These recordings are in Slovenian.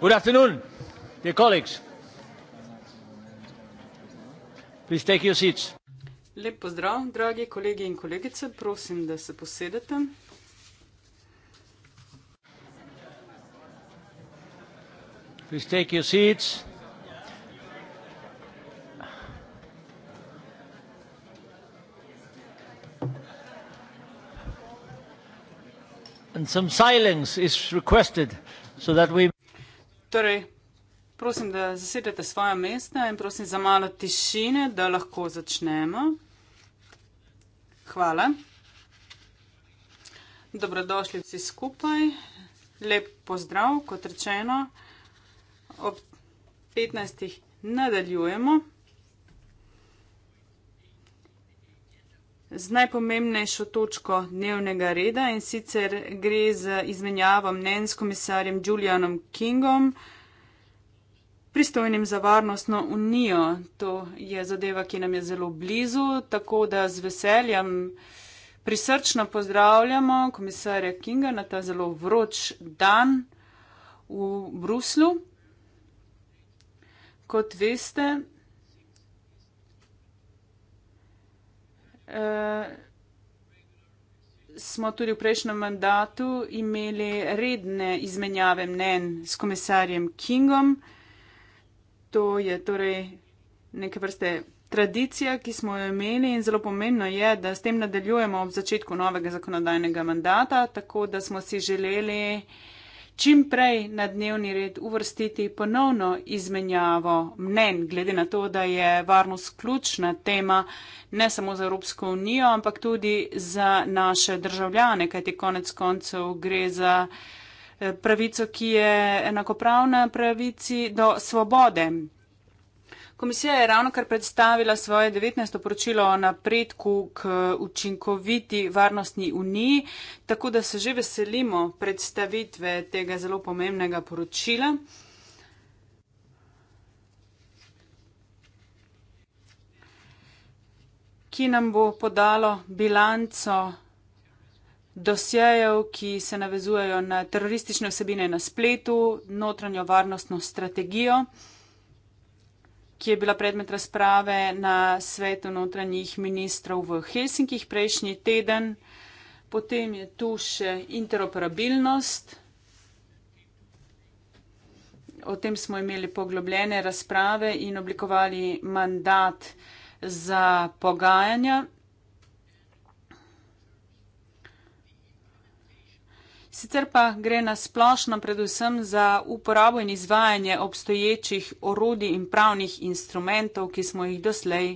Good afternoon, dear colleagues. Please take your seats. Lep pozdrav, dragi kolegi in kolegice, prosim, da se posedete. Please take your seats. And some silence is requested so that we Torej, prosim, da zasedete svoje mesta in prosim za malo tišine, da lahko začnemo. Hvala. Dobrodošli vsi skupaj. Lep pozdrav, kot rečeno, ob 15. nadaljujemo. z najpomembnejšo točko dnevnega reda in sicer gre za izmenjavo mnen s komisarjem Julianom Kingom, pristojnim za varnostno unijo. To je zadeva, ki nam je zelo blizu, tako da z veseljem prisrčno pozdravljamo komisarja Kinga na ta zelo vroč dan v Bruslu. Kot veste, Eh, smo tudi v prejšnjem mandatu imeli redne izmenjave mnen s komisarjem Kingom. To je torej neke vrste tradicija, ki smo jo imeli in zelo pomembno je, da s tem nadaljujemo ob začetku novega zakonodajnega mandata, tako da smo si želeli uh, čim prej na dnevni red uvrstiti ponovno izmenjavo mnen, glede na to, da je varnost ključna tema ne samo za Evropsko unijo, ampak tudi za naše državljane, kajti konec koncev gre za eh, pravico, ki je enakopravna pravici do svobode. Komisija je ravno kar predstavila svoje 19. poročilo o napredku k učinkoviti varnostni uniji, tako da se že veselimo predstavitve tega zelo pomembnega poročila. ki nam bo podalo bilanco dosjejev, ki se navezujejo na teroristične vsebine na spletu, notranjo varnostno strategijo ki je bila predmet razprave na svetu notranjih ministrov v Helsinkih prejšnji teden. Potem je tu še interoperabilnost. O tem smo imeli poglobljene razprave in oblikovali mandat za pogajanja. Sicer pa gre na splošno predvsem za uporabo in izvajanje obstoječih orodij in pravnih instrumentov, ki smo jih doslej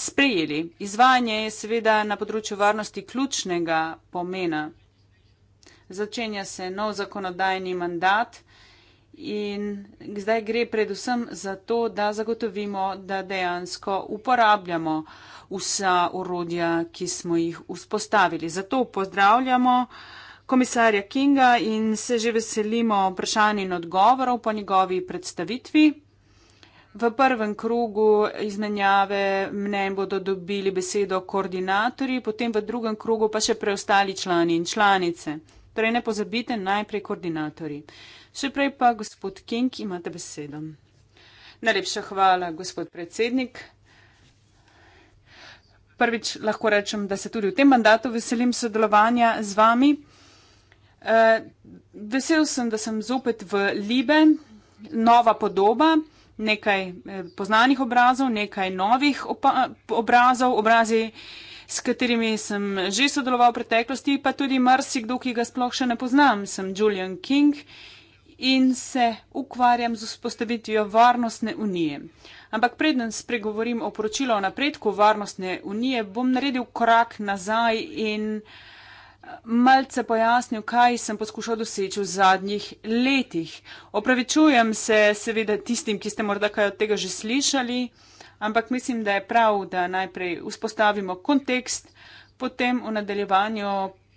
sprejeli. Izvajanje je seveda na področju varnosti ključnega pomena. Začenja se nov zakonodajni mandat in zdaj gre predvsem za to, da zagotovimo, da dejansko uporabljamo vsa orodja, ki smo jih vzpostavili. Zato pozdravljamo komisarja Kinga in se že veselimo vprašanj in odgovorov po njegovi predstavitvi. V prvem krogu izmenjave mnen bodo dobili besedo koordinatorji, potem v drugem krogu pa še preostali člani in članice. Torej ne pozabite najprej koordinatorji. Še prej pa gospod King imate besedo. Najlepša hvala, gospod predsednik. Prvič lahko rečem, da se tudi v tem mandatu veselim sodelovanja z vami. Uh, vesel sem, da sem zopet v Libe, nova podoba, nekaj eh, poznanih obrazov, nekaj novih obrazov, obrazi, s katerimi sem že sodeloval v preteklosti, pa tudi marsikdo, ki ga sploh še ne poznam. Sem Julian King in se ukvarjam z vzpostavitvijo Varnostne unije. Ampak preden spregovorim o poročilu o napredku Varnostne unije, bom naredil korak nazaj in. Uh, malce pojasnil, kaj sem poskušal doseči v zadnjih letih. Opravičujem se seveda tistim, ki ste morda kaj od tega že slišali, ampak mislim, da je prav, da najprej vzpostavimo kontekst, potem v nadaljevanju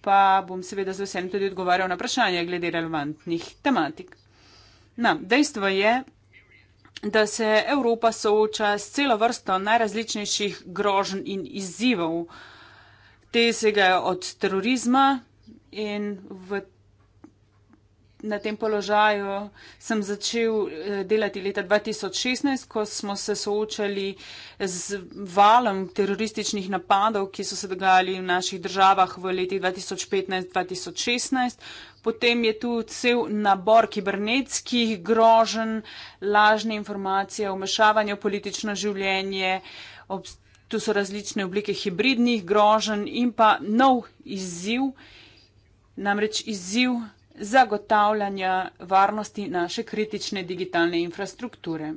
pa bom seveda z veseljem tudi odgovarjal na vprašanje glede relevantnih tematik. Na, no, dejstvo je, da se Evropa sooča s celo vrsto najrazličnejših grožen in izzivov te segajo od terorizma in v, na tem položaju sem začel eh, delati leta 2016, ko smo se soočali z valom terorističnih napadov, ki so se dogajali v naših državah v letih 2015-2016. Potem je tu cel nabor kibernetskih grožen, lažne informacije, vmešavanje v politično življenje, obstoječe. Tu so različne oblike hibridnih grožen in pa nov izziv, namreč izziv zagotavljanja varnosti naše kritične digitalne infrastrukture.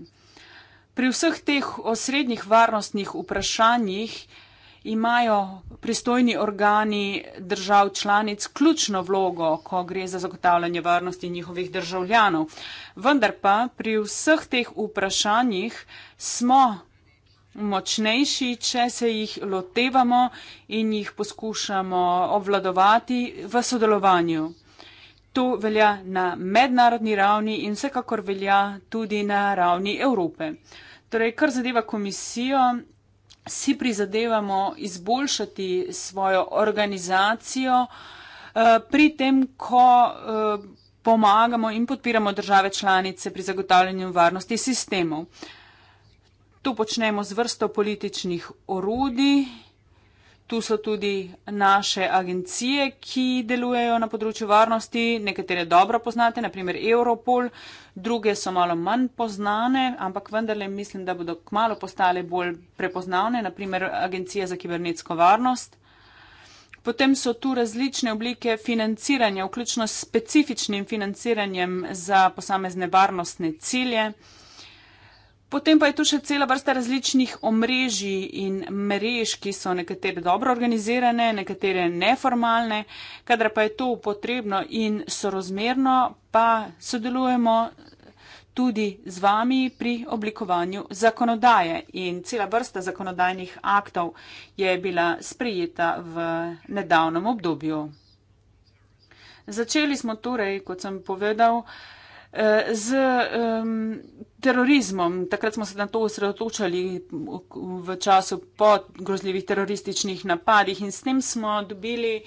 Pri vseh teh osrednjih varnostnih vprašanjih imajo pristojni organi držav članic ključno vlogo, ko gre za zagotavljanje varnosti njihovih državljanov. Vendar pa pri vseh teh vprašanjih smo močnejši, če se jih lotevamo in jih poskušamo obvladovati v sodelovanju. To velja na mednarodni ravni in vsekakor velja tudi na ravni Evrope. Torej, kar zadeva komisijo, si prizadevamo izboljšati svojo organizacijo eh, pri tem, ko eh, pomagamo in podpiramo države članice pri zagotavljanju varnosti sistemov. Tu počnemo z vrsto političnih orudi, tu so tudi naše agencije, ki delujejo na področju varnosti, nekatere dobro poznate, naprimer Europol, druge so malo manj poznane, ampak vendarle mislim, da bodo kmalo postale bolj prepoznavne, naprimer Agencija za kibernetsko varnost. Potem so tu različne oblike financiranja, vključno s specifičnim financiranjem za posamezne varnostne cilje. Potem pa je tu še cela vrsta različnih omrežij in mrež, ki so nekatere dobro organizirane, nekatere neformalne. Kadar pa je to potrebno in sorozmerno, pa sodelujemo tudi z vami pri oblikovanju zakonodaje. In cela vrsta zakonodajnih aktov je bila sprejeta v nedavnem obdobju. Začeli smo torej, kot sem povedal, Eh, z um, terorizmom. Takrat smo se na to osredotočali v času po grozljivih terorističnih napadih in s tem smo dobili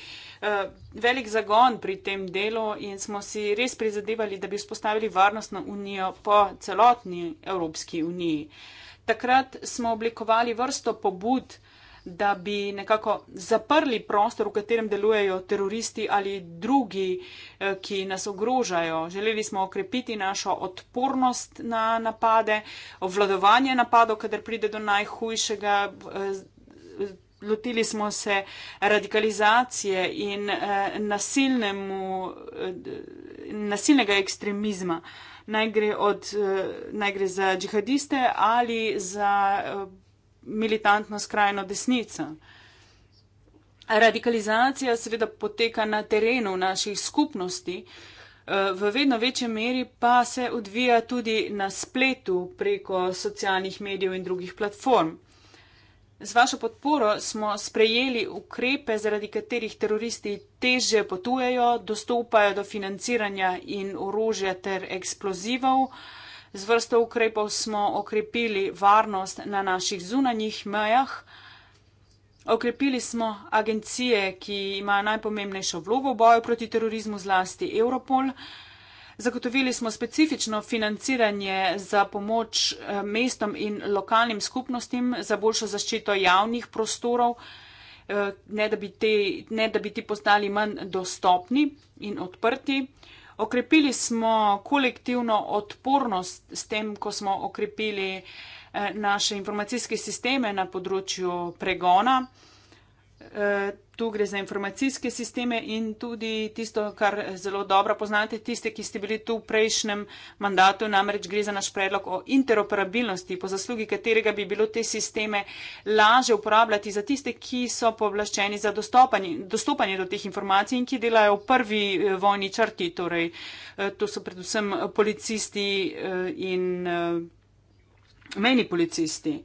uh, velik zagon pri tem delu in smo si res prizadevali, da bi vzpostavili varnostno unijo po celotni Evropski uniji. Takrat smo oblikovali vrsto pobud, uh, da bi nekako zaprli prostor, v katerem delujejo teroristi ali drugi, eh, ki nas ogrožajo. Želeli smo okrepiti našo odpornost na napade, obvladovanje napadov, kadar pride do najhujšega. Eh, lotili smo se radikalizacije in eh, nasilnemu, nasilnega ekstremizma. Naj gre, od, naj gre za džihadiste ali za militantno skrajno desnico. Radikalizacija seveda poteka na terenu v naših skupnosti, eh, v vedno večji meri pa se odvija tudi na spletu preko socialnih medijev in drugih platform. Z vašo podporo smo sprejeli ukrepe, zaradi katerih teroristi teže potujejo, dostopajo do financiranja in orožja ter eksplozivov. Uh, Z vrsto ukrepov smo okrepili varnost na naših zunanjih mejah. Okrepili smo agencije, ki imajo najpomembnejšo vlogo v boju proti terorizmu zlasti Europol. Zagotovili smo specifično financiranje za pomoč eh, mestom in lokalnim skupnostim za boljšo zaščito javnih prostorov, eh, ne da bi ti postali manj dostopni in odprti. Okrepili smo kolektivno odpornost s tem, ko smo okrepili eh, naše informacijske sisteme na področju pregona. Tu gre za informacijske sisteme in tudi tisto, kar zelo dobro poznate, tiste, ki ste bili tu v prejšnjem mandatu, namreč gre za naš predlog o interoperabilnosti, po zaslugi katerega bi bilo te sisteme laže uporabljati za tiste, ki so povlaščeni za dostopanje do teh informacij in ki delajo v prvi eh, vojni črti. Torej, eh, to so predvsem eh, policisti in meni policisti.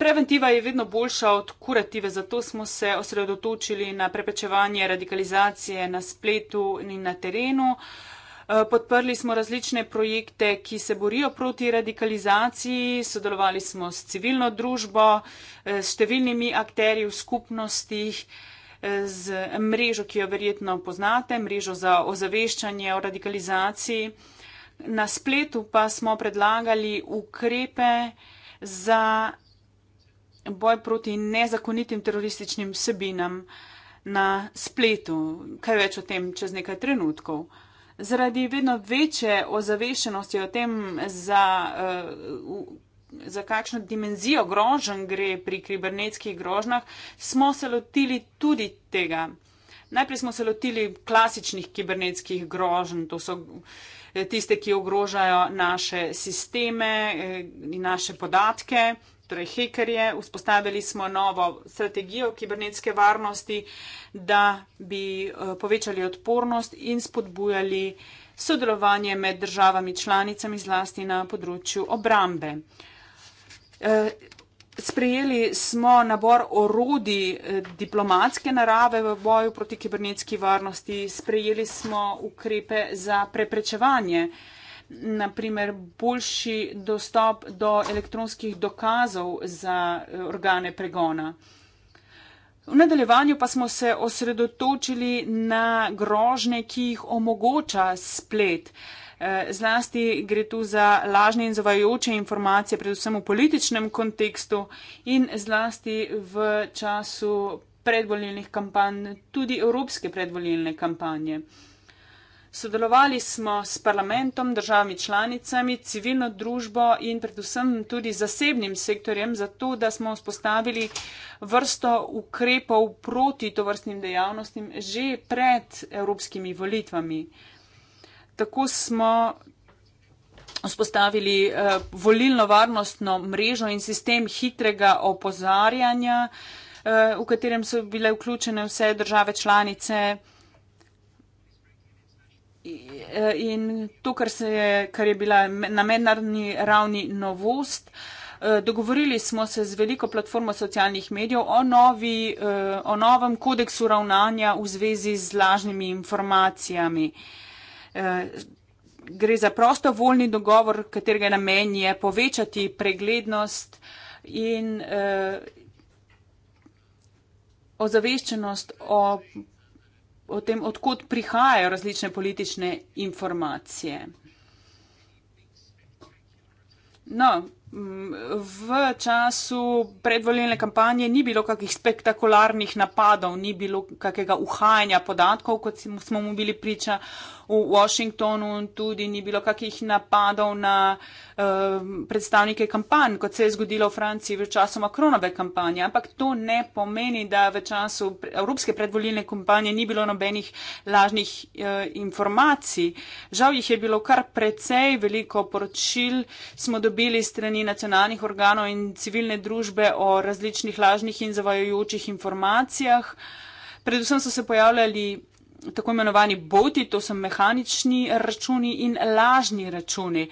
Preventiva je vedno boljša od kurative, zato smo se osredotočili na preprečevanje radikalizacije na spletu in na terenu. Eh, podprli smo različne projekte, ki se borijo proti radikalizaciji, sodelovali smo s civilno družbo, eh, s številnimi akterji v skupnostih, eh, z mrežo, ki jo verjetno poznate, mrežo za ozaveščanje o radikalizaciji. Na spletu pa smo predlagali ukrepe za boj proti nezakonitim terorističnim vsebinam na spletu. Kaj več o tem čez nekaj trenutkov. Zaradi vedno večje ozaveščenosti o tem, za, eh, za kakšno dimenzijo grožen gre pri kibernetskih grožnjah, smo se lotili tudi tega. Najprej smo se lotili klasičnih kibernetskih grožen, to so eh, tiste, ki ogrožajo naše sisteme eh, in naše podatke, torej hekerje, vzpostavili smo novo strategijo kibernetske varnosti, da bi eh, povečali odpornost in spodbujali sodelovanje med državami članicami zlasti na področju obrambe. Eh, sprejeli smo nabor orodij eh, diplomatske narave v boju proti kibernetski varnosti, sprejeli smo ukrepe za preprečevanje eh, naprimer boljši dostop do elektronskih dokazov za eh, organe pregona. V nadaljevanju pa smo se osredotočili na grožne, ki jih omogoča splet. Eh, zlasti gre tu za lažne in zavajajoče informacije, predvsem v političnem kontekstu in zlasti v času predvoljenih kampanj, tudi evropske predvoljene kampanje. Sodelovali smo s parlamentom, državami članicami, civilno družbo in predvsem tudi zasebnim sektorjem, zato da smo vzpostavili vrsto ukrepov proti tovrstnim dejavnostim že pred evropskimi volitvami. Tako smo vzpostavili eh, volilno varnostno mrežo in sistem hitrega opozarjanja, eh, v katerem so bile vključene vse države članice. Eh, in to, kar, se, kar je bila na mednarodni ravni novost. Eh, dogovorili smo se z veliko platformo socialnih medijev o, novi, eh, o novem kodeksu ravnanja v zvezi z lažnimi informacijami. Gre za prosto voljni dogovor, katerega namen je povečati preglednost in ozaveščenost o o tem, odkud prihajajo različne politične informacije. No, v času predvoljene kampanje ni bilo kakih spektakularnih napadov, ni bilo kakega uhajanja podatkov, kot smo mu bili priča v Washingtonu tudi ni bilo kakih napadov na uh, predstavnike kampanj, kot se je zgodilo v Franciji v času Makronove kampanje. Ampak to ne pomeni, da v času evropske predvoljene kampanje ni bilo nobenih lažnih uh, informacij. Žal jih je bilo kar precej veliko poročil, smo dobili strani nacionalnih organov in civilne družbe o različnih lažnih in zavajajočih informacijah. Predvsem so se pojavljali tako imenovani boti, to so mehanični računi in lažni računi.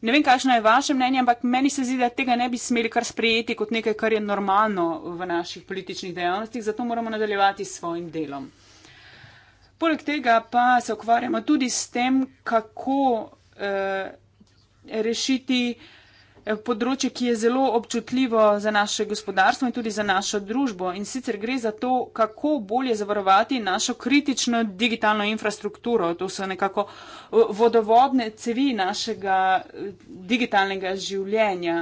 Ne vem, kakšno je vaše mnenje, ampak meni se zdi, da tega ne bi smeli kar sprejeti kot nekaj, kar je normalno v naših političnih dejavnostih, zato moramo nadaljevati s svojim delom. Poleg tega pa se ukvarjamo tudi s tem, kako eh, rešiti eh, Eh, področje, ki je zelo občutljivo za naše gospodarstvo in tudi za našo družbo. In sicer gre za to, kako bolje zavarovati našo kritično digitalno infrastrukturo. To so nekako eh, vodovodne cevi našega eh, digitalnega življenja.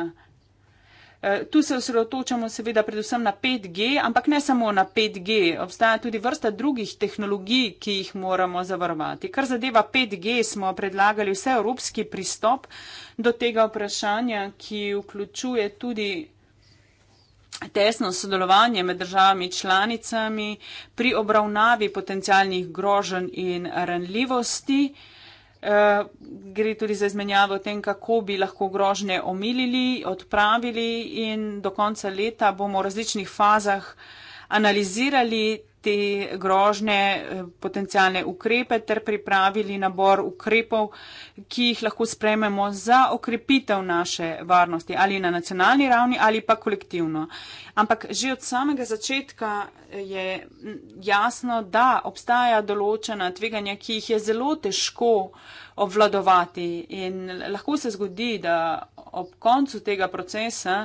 Eh, tu se osredotočamo seveda predvsem na 5G, ampak ne samo na 5G. Obstaja tudi vrsta drugih tehnologij, ki jih moramo zavarovati. Kar zadeva 5G, smo predlagali vse evropski pristop do tega vprašanja, ki vključuje tudi tesno sodelovanje med državami članicami pri obravnavi potencialnih grožen in ranljivosti. Uh, Eh, gre tudi za izmenjavo o tem, kako bi lahko grožne omilili, odpravili in do konca leta bomo v različnih fazah uh, analizirali te grožne eh, potencijalne ukrepe ter pripravili nabor ukrepov, ki jih lahko sprejmemo za okrepitev naše varnosti ali na nacionalni ravni ali pa kolektivno. Ampak že od samega začetka eh, je jasno, da obstaja določena tveganja, ki jih je zelo težko obvladovati in lahko se zgodi, da ob koncu tega procesa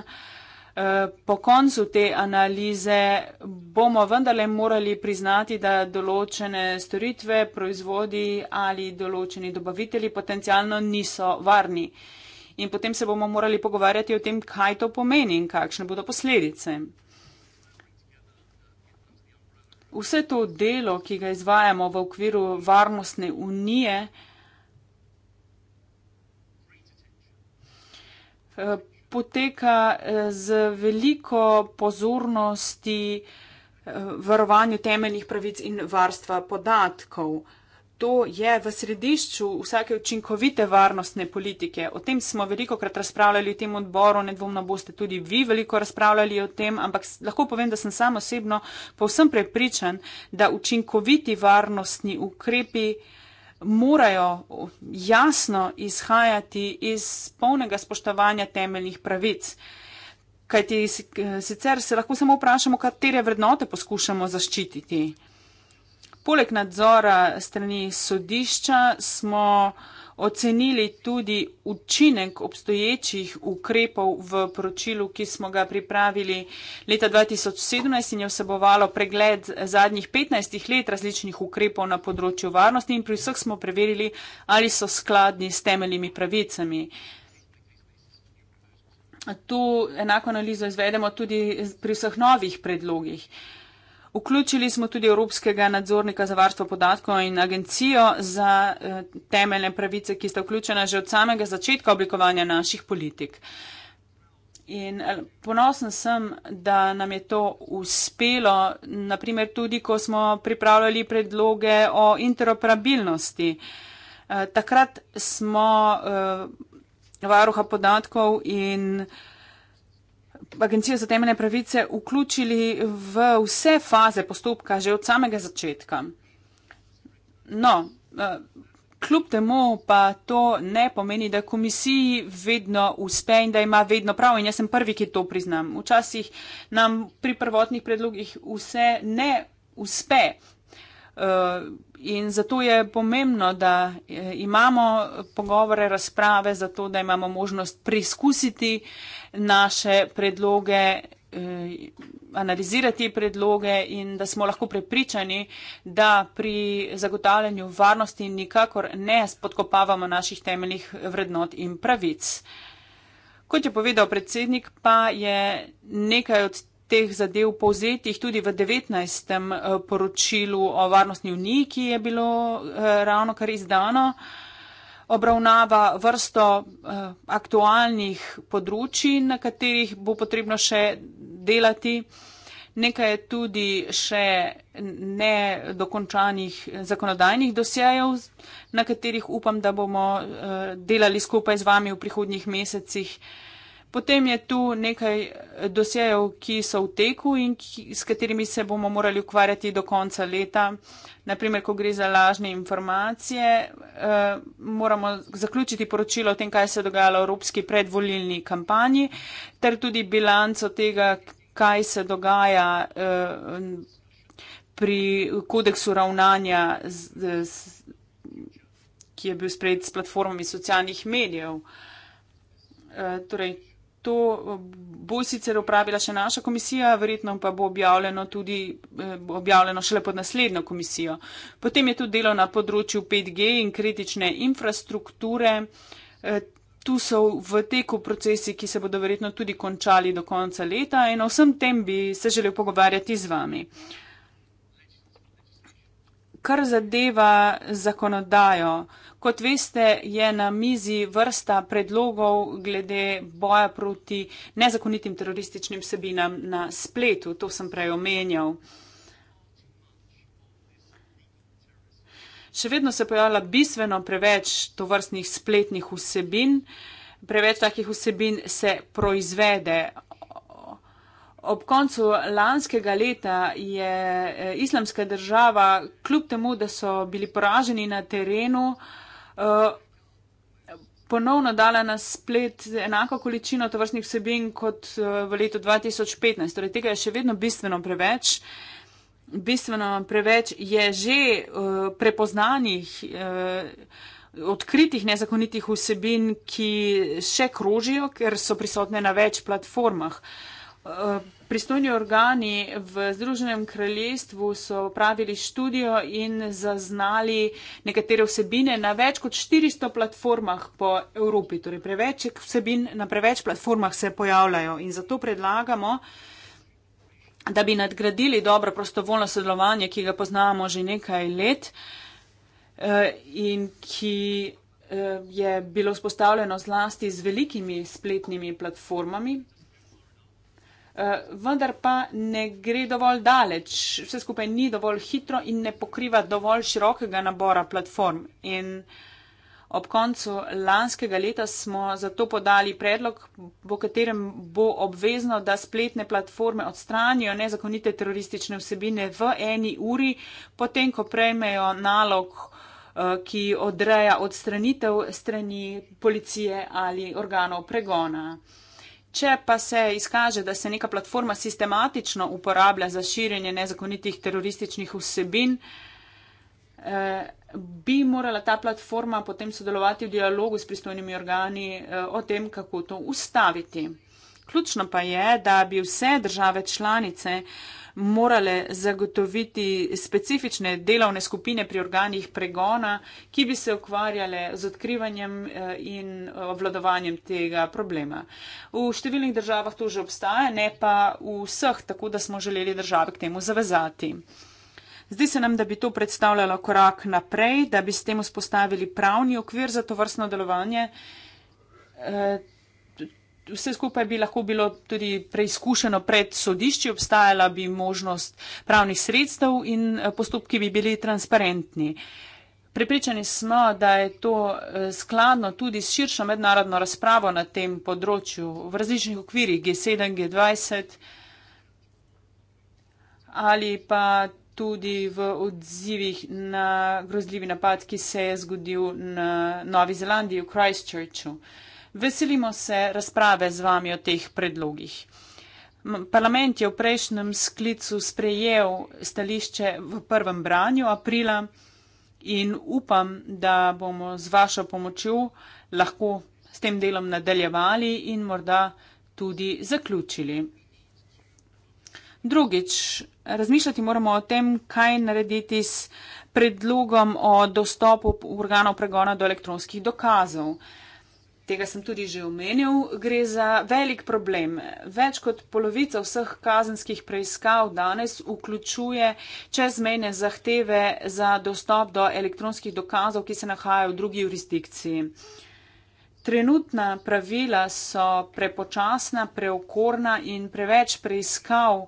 Eh, po koncu te analize bomo vendarle morali priznati, da določene storitve, proizvodi ali določeni dobavitelji potencialno niso varni. In potem se bomo morali pogovarjati o tem, kaj to pomeni in kakšne bodo posledice. Vse to delo, ki ga izvajamo v okviru Varnostne unije, eh, poteka eh, z veliko pozornosti eh, varovanju temeljnih pravic in varstva podatkov. To je v središču vsake učinkovite varnostne politike. O tem smo veliko krat razpravljali v tem odboru, nedvomno boste tudi vi veliko razpravljali o tem, ampak lahko povem, da sem sam osebno povsem prepričan, da učinkoviti varnostni ukrepi morajo jasno izhajati iz polnega spoštovanja temeljnih pravic. Kajti sicer se lahko samo vprašamo, katere vrednote poskušamo zaščititi. Poleg nadzora strani sodišča smo uh, ocenili tudi učinek obstoječih ukrepov v poročilu, ki smo ga pripravili leta 2017 in je vsebovalo pregled zadnjih 15 let različnih ukrepov na področju varnosti in pri vseh smo preverili, ali so skladni s temeljimi pravicami. Tu enako analizo izvedemo tudi pri vseh novih predlogih. Vključili smo tudi Evropskega nadzornika za varstvo podatkov in agencijo za eh, temeljne pravice, ki sta vključena že od samega začetka oblikovanja naših politik. In eh, ponosen sem, da nam je to uspelo, naprimer tudi, ko smo pripravljali predloge o interoperabilnosti. Eh, takrat smo varuha podatkov in. Agencijo za temeljne pravice vključili v vse faze postopka že od samega začetka. No, eh, kljub temu pa to ne pomeni, da komisiji vedno uspe in da ima vedno prav in jaz sem prvi, ki to priznam. Včasih nam pri prvotnih predlogih vse ne uspe. Eh, in zato je pomembno, da eh, imamo pogovore, razprave, zato da imamo možnost preizkusiti uh, naše predloge, eh, analizirati predloge in da smo lahko prepričani, da pri zagotavljanju varnosti nikakor ne spodkopavamo naših temeljnih vrednot in pravic. Kot je povedal predsednik, pa je nekaj od teh zadev povzetih tudi v 19. Eh, poročilu o varnostni uniji, ki je bilo eh, ravno kar izdano obravnava vrsto eh, aktualnih področji, na katerih bo potrebno še delati. Nekaj je tudi še nedokončanih zakonodajnih dosjejev, na katerih upam, da bomo eh, delali skupaj z vami v prihodnjih mesecih. Potem je tu nekaj eh, dosjejev, ki so v teku in ki, s katerimi se bomo morali ukvarjati do konca leta. Naprimer, ko gre za lažne informacije, eh, moramo zaključiti poročilo o tem, kaj se je dogajalo v evropski predvolilni kampanji, ter tudi bilanco tega, kaj se dogaja eh, pri kodeksu ravnanja, z, z, ki je bil sprejet s platformami socialnih medijev. Eh, torej, To eh, bo sicer upravila še naša komisija, verjetno pa bo objavljeno, tudi, eh, objavljeno šele pod naslednjo komisijo. Potem je tu delo na področju 5G in kritične infrastrukture. Eh, tu so v teku procesi, ki se bodo verjetno tudi končali do konca leta in o vsem tem bi se želel pogovarjati z vami. Kar zadeva zakonodajo, Kot veste, je na mizi vrsta predlogov glede boja proti nezakonitim terorističnim sebinam na spletu. To sem prej omenjal. Še vedno se pojavlja bistveno preveč tovrstnih spletnih vsebin. Preveč takih vsebin se proizvede. Ob koncu lanskega leta je eh, islamska država, kljub temu, da so bili poraženi na terenu, Eh, ponovno dala na splet enako količino tovrstnih vsebin kot eh, v letu 2015. Torej, tega je še vedno bistveno preveč. Bistveno preveč je že uh, prepoznanih, uh, odkritih nezakonitih vsebin, ki še krožijo, ker so prisotne na več platformah. Uh, Pristojni organi v Združenem kraljestvu so pravili študijo in zaznali nekatere vsebine na več kot 400 platformah po Evropi. Torej, preveč vsebin na preveč platformah se pojavljajo in zato predlagamo, da bi nadgradili dobro prostovoljno sodelovanje, ki ga poznamo že nekaj let eh, in ki eh, je bilo spostavljeno zlasti z velikimi spletnimi platformami, Eh, vendar pa ne gre dovolj daleč, vse skupaj ni dovolj hitro in ne pokriva dovolj širokega nabora platform. In ob koncu lanskega leta smo zato podali predlog, po katerem bo obvezno, da spletne platforme odstranijo nezakonite teroristične vsebine v eni uri, potem, ko prejmejo nalog eh, ki odreja odstranitev strani policije ali organov pregona. Če pa se izkaže, da se neka platforma sistematično uporablja za širjenje nezakonitih terorističnih vsebin, eh, bi morala ta platforma potem sodelovati v dialogu s pristojnimi organi eh, o tem, kako to ustaviti. Ključno pa je, da bi vse države članice morale zagotoviti specifične delovne skupine pri organih pregona, ki bi se ukvarjale z odkrivanjem eh, in eh, obvladovanjem tega problema. V številnih državah to že obstaja, ne pa v vseh, tako da smo želeli države k temu zavezati. Zdi se nam, da bi to predstavljalo korak naprej, da bi s tem vzpostavili pravni okvir za to vrstno delovanje. Eh, vse skupaj bi lahko bilo tudi preizkušeno pred sodišči, obstajala bi možnost pravnih sredstev in eh, postopki bi bili transparentni. Pripričani smo, da je to eh, skladno tudi s širšo mednarodno razpravo na tem področju v različnih okvirih G7, G20 ali pa tudi v odzivih na grozljivi napad, ki se je zgodil na Novi Zelandiji v Christchurchu. Veselimo se razprave z vami o teh predlogih. Parlament je v prejšnjem sklicu sprejel stališče v prvem branju aprila in upam, da bomo z vašo pomočjo lahko s tem delom nadaljevali in morda tudi zaključili. Drugič, razmišljati moramo o tem, kaj narediti s predlogom o dostopu organov pregona do elektronskih dokazov tega sem tudi že omenil, gre za velik problem. Več kot polovica vseh kazenskih preiskav danes vključuje čezmejne zahteve za dostop do elektronskih dokazov, ki se nahajajo v drugi jurisdikciji. Trenutna pravila so prepočasna, preokorna in preveč preiskav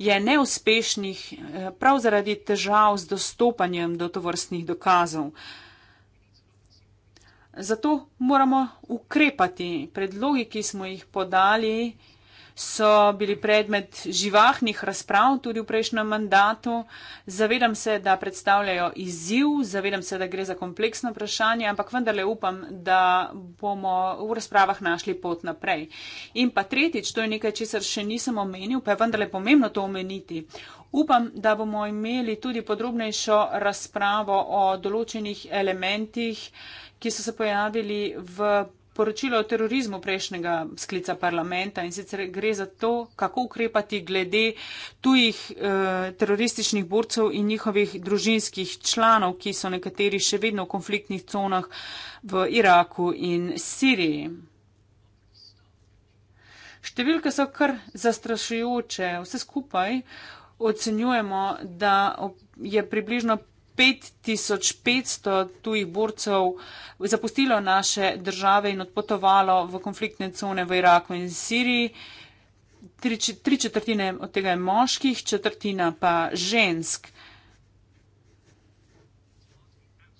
je neuspešnih eh, prav zaradi težav z dostopanjem do tovrstnih dokazov. Zato moramo ukrepati. Predlogi, ki smo jih podali, so bili predmet živahnih razprav tudi v prejšnjem mandatu. Zavedam se, da predstavljajo izziv, zavedam se, da gre za kompleksno vprašanje, ampak vendarle upam, da bomo v razpravah našli pot naprej. In pa tretjič, to je nekaj, česar še nisem omenil, pa je vendarle pomembno to omeniti. Upam, da bomo imeli tudi podrobnejšo razpravo o določenih elementih, ki so se pojavili v poročilo o terorizmu prejšnjega sklica parlamenta in sicer gre za to, kako ukrepati glede tujih eh, terorističnih borcev in njihovih družinskih članov, ki so nekateri še vedno v konfliktnih conah v Iraku in Siriji. Številke so kar zastrašujoče. Vse skupaj ocenjujemo, da je približno 5500 tujih borcev zapustilo naše države in odpotovalo v konfliktne cone v Iraku in Siriji. Tri, tri četrtine od tega je moških, četrtina pa žensk.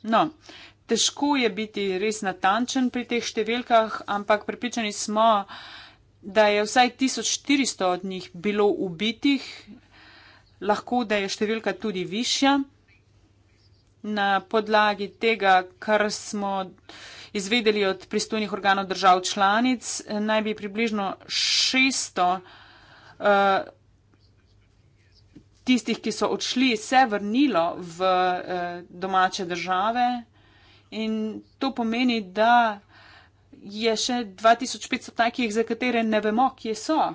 No, težko je biti res natančen pri teh številkah, ampak pripričani smo, da je vsaj 1400 od njih bilo ubitih, lahko da je številka tudi višja na podlagi tega, kar smo izvedeli od pristojnih organov držav članic, naj bi približno 600 uh, eh, tistih, ki so odšli, se vrnilo v uh, domače države. In to pomeni, da je še 2500 takih, za katere ne vemo, kje so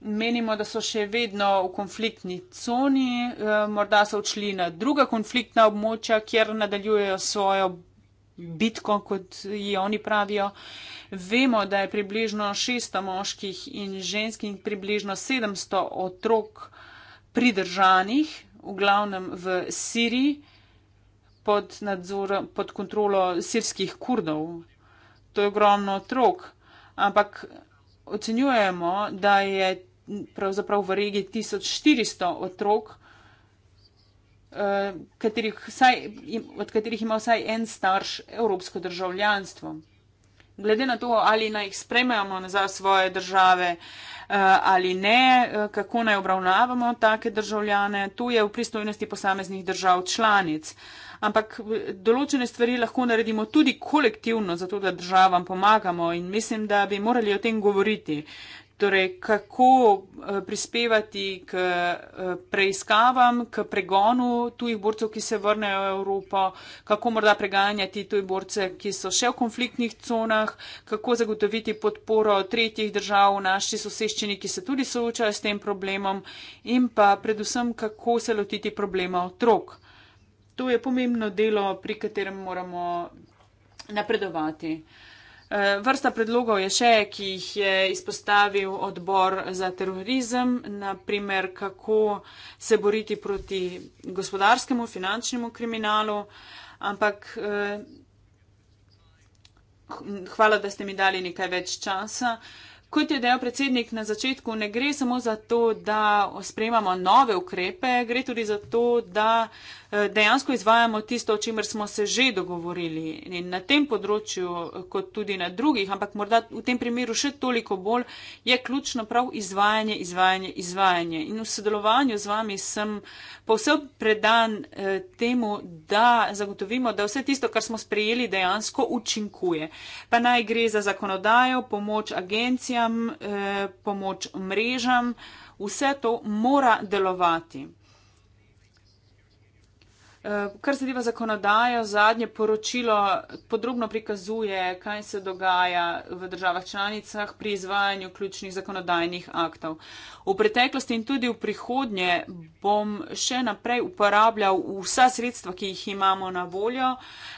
menimo, da so še vedno v konfliktni coni, eh, morda so odšli na druga konfliktna območja, kjer nadaljujejo svojo bitko, kot ji oni pravijo. Vemo, da je približno 600 moških in žensk in približno 700 otrok pridržanih, v glavnem v Siriji, pod, nadzor, pod kontrolo sirskih kurdov. To je ogromno otrok, ampak ocenjujemo, da je pravzaprav v regiji 1400 otrok, eh, katerih vsaj, od katerih ima vsaj en starš evropsko državljanstvo. Glede na to, ali naj jih sprejmemo nazaj v svoje države eh, ali ne, eh, kako naj obravnavamo take državljane, to je v pristojnosti posameznih držav članic. Ampak določene stvari lahko naredimo tudi kolektivno, zato da državam pomagamo in mislim, da bi morali o tem govoriti. Uh, torej, kako eh, prispevati k eh, preiskavam, k pregonu tujih borcev, ki se vrnejo v Evropo, kako morda preganjati tuje borce, ki so še v konfliktnih conah, kako zagotoviti podporo tretjih držav v naši soseščini, ki se tudi soočajo s tem problemom in pa predvsem, kako se lotiti problema otrok. To je pomembno delo, pri katerem moramo napredovati. Eh, vrsta predlogov je še, ki jih je izpostavil odbor za terorizem, naprimer kako se boriti proti gospodarskemu, finančnemu kriminalu, ampak eh, hvala, da ste mi dali nekaj več časa. Kot je dejal predsednik na začetku, ne gre samo za to, da sprejemamo nove ukrepe, gre tudi za to, da uh, Eh, dejansko izvajamo tisto, o čemer smo se že dogovorili in na tem področju, eh, kot tudi na drugih, ampak morda v tem primeru še toliko bolj, je ključno prav izvajanje, izvajanje, izvajanje. In v sodelovanju z vami sem povsem predan eh, temu, da zagotovimo, da vse tisto, kar smo sprejeli, dejansko učinkuje. Pa naj gre za zakonodajo, pomoč agencijam, pomoč mrežam. Vse to mora delovati. Eh, kar zadeva zakonodajo, zadnje poročilo podrobno prikazuje, kaj se dogaja v državah članicah pri izvajanju ključnih zakonodajnih aktov. V preteklosti in tudi v prihodnje bom še naprej uporabljal vsa sredstva, ki jih imamo na voljo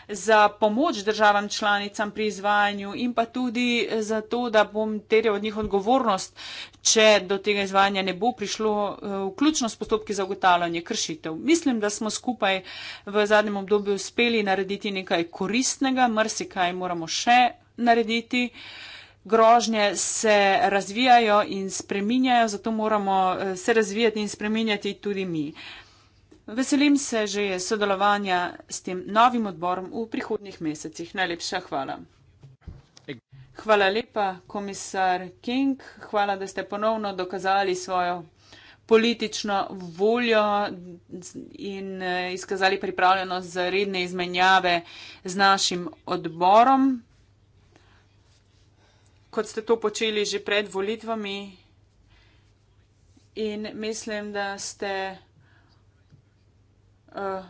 za pomoč državam članicam pri izvajanju in pa tudi za to, da bom terjal od njih odgovornost, če do tega izvajanja ne bo prišlo, eh, vključno s postopki za ugotavljanje kršitev. Mislim, da smo skupaj v zadnjem obdobju uspeli narediti nekaj koristnega, mrsikaj moramo še narediti. Grožnje se razvijajo in spreminjajo, zato moramo eh, se razvijati in spreminjati tudi mi. Veselim se že sodelovanja s tem novim odborom v prihodnjih mesecih. Najlepša hvala. Hvala lepa, komisar King. Hvala, da ste ponovno dokazali svojo politično voljo in eh, izkazali pripravljenost za redne izmenjave z našim odborom. Kot ste to počeli že pred volitvami in mislim, da ste. Uh,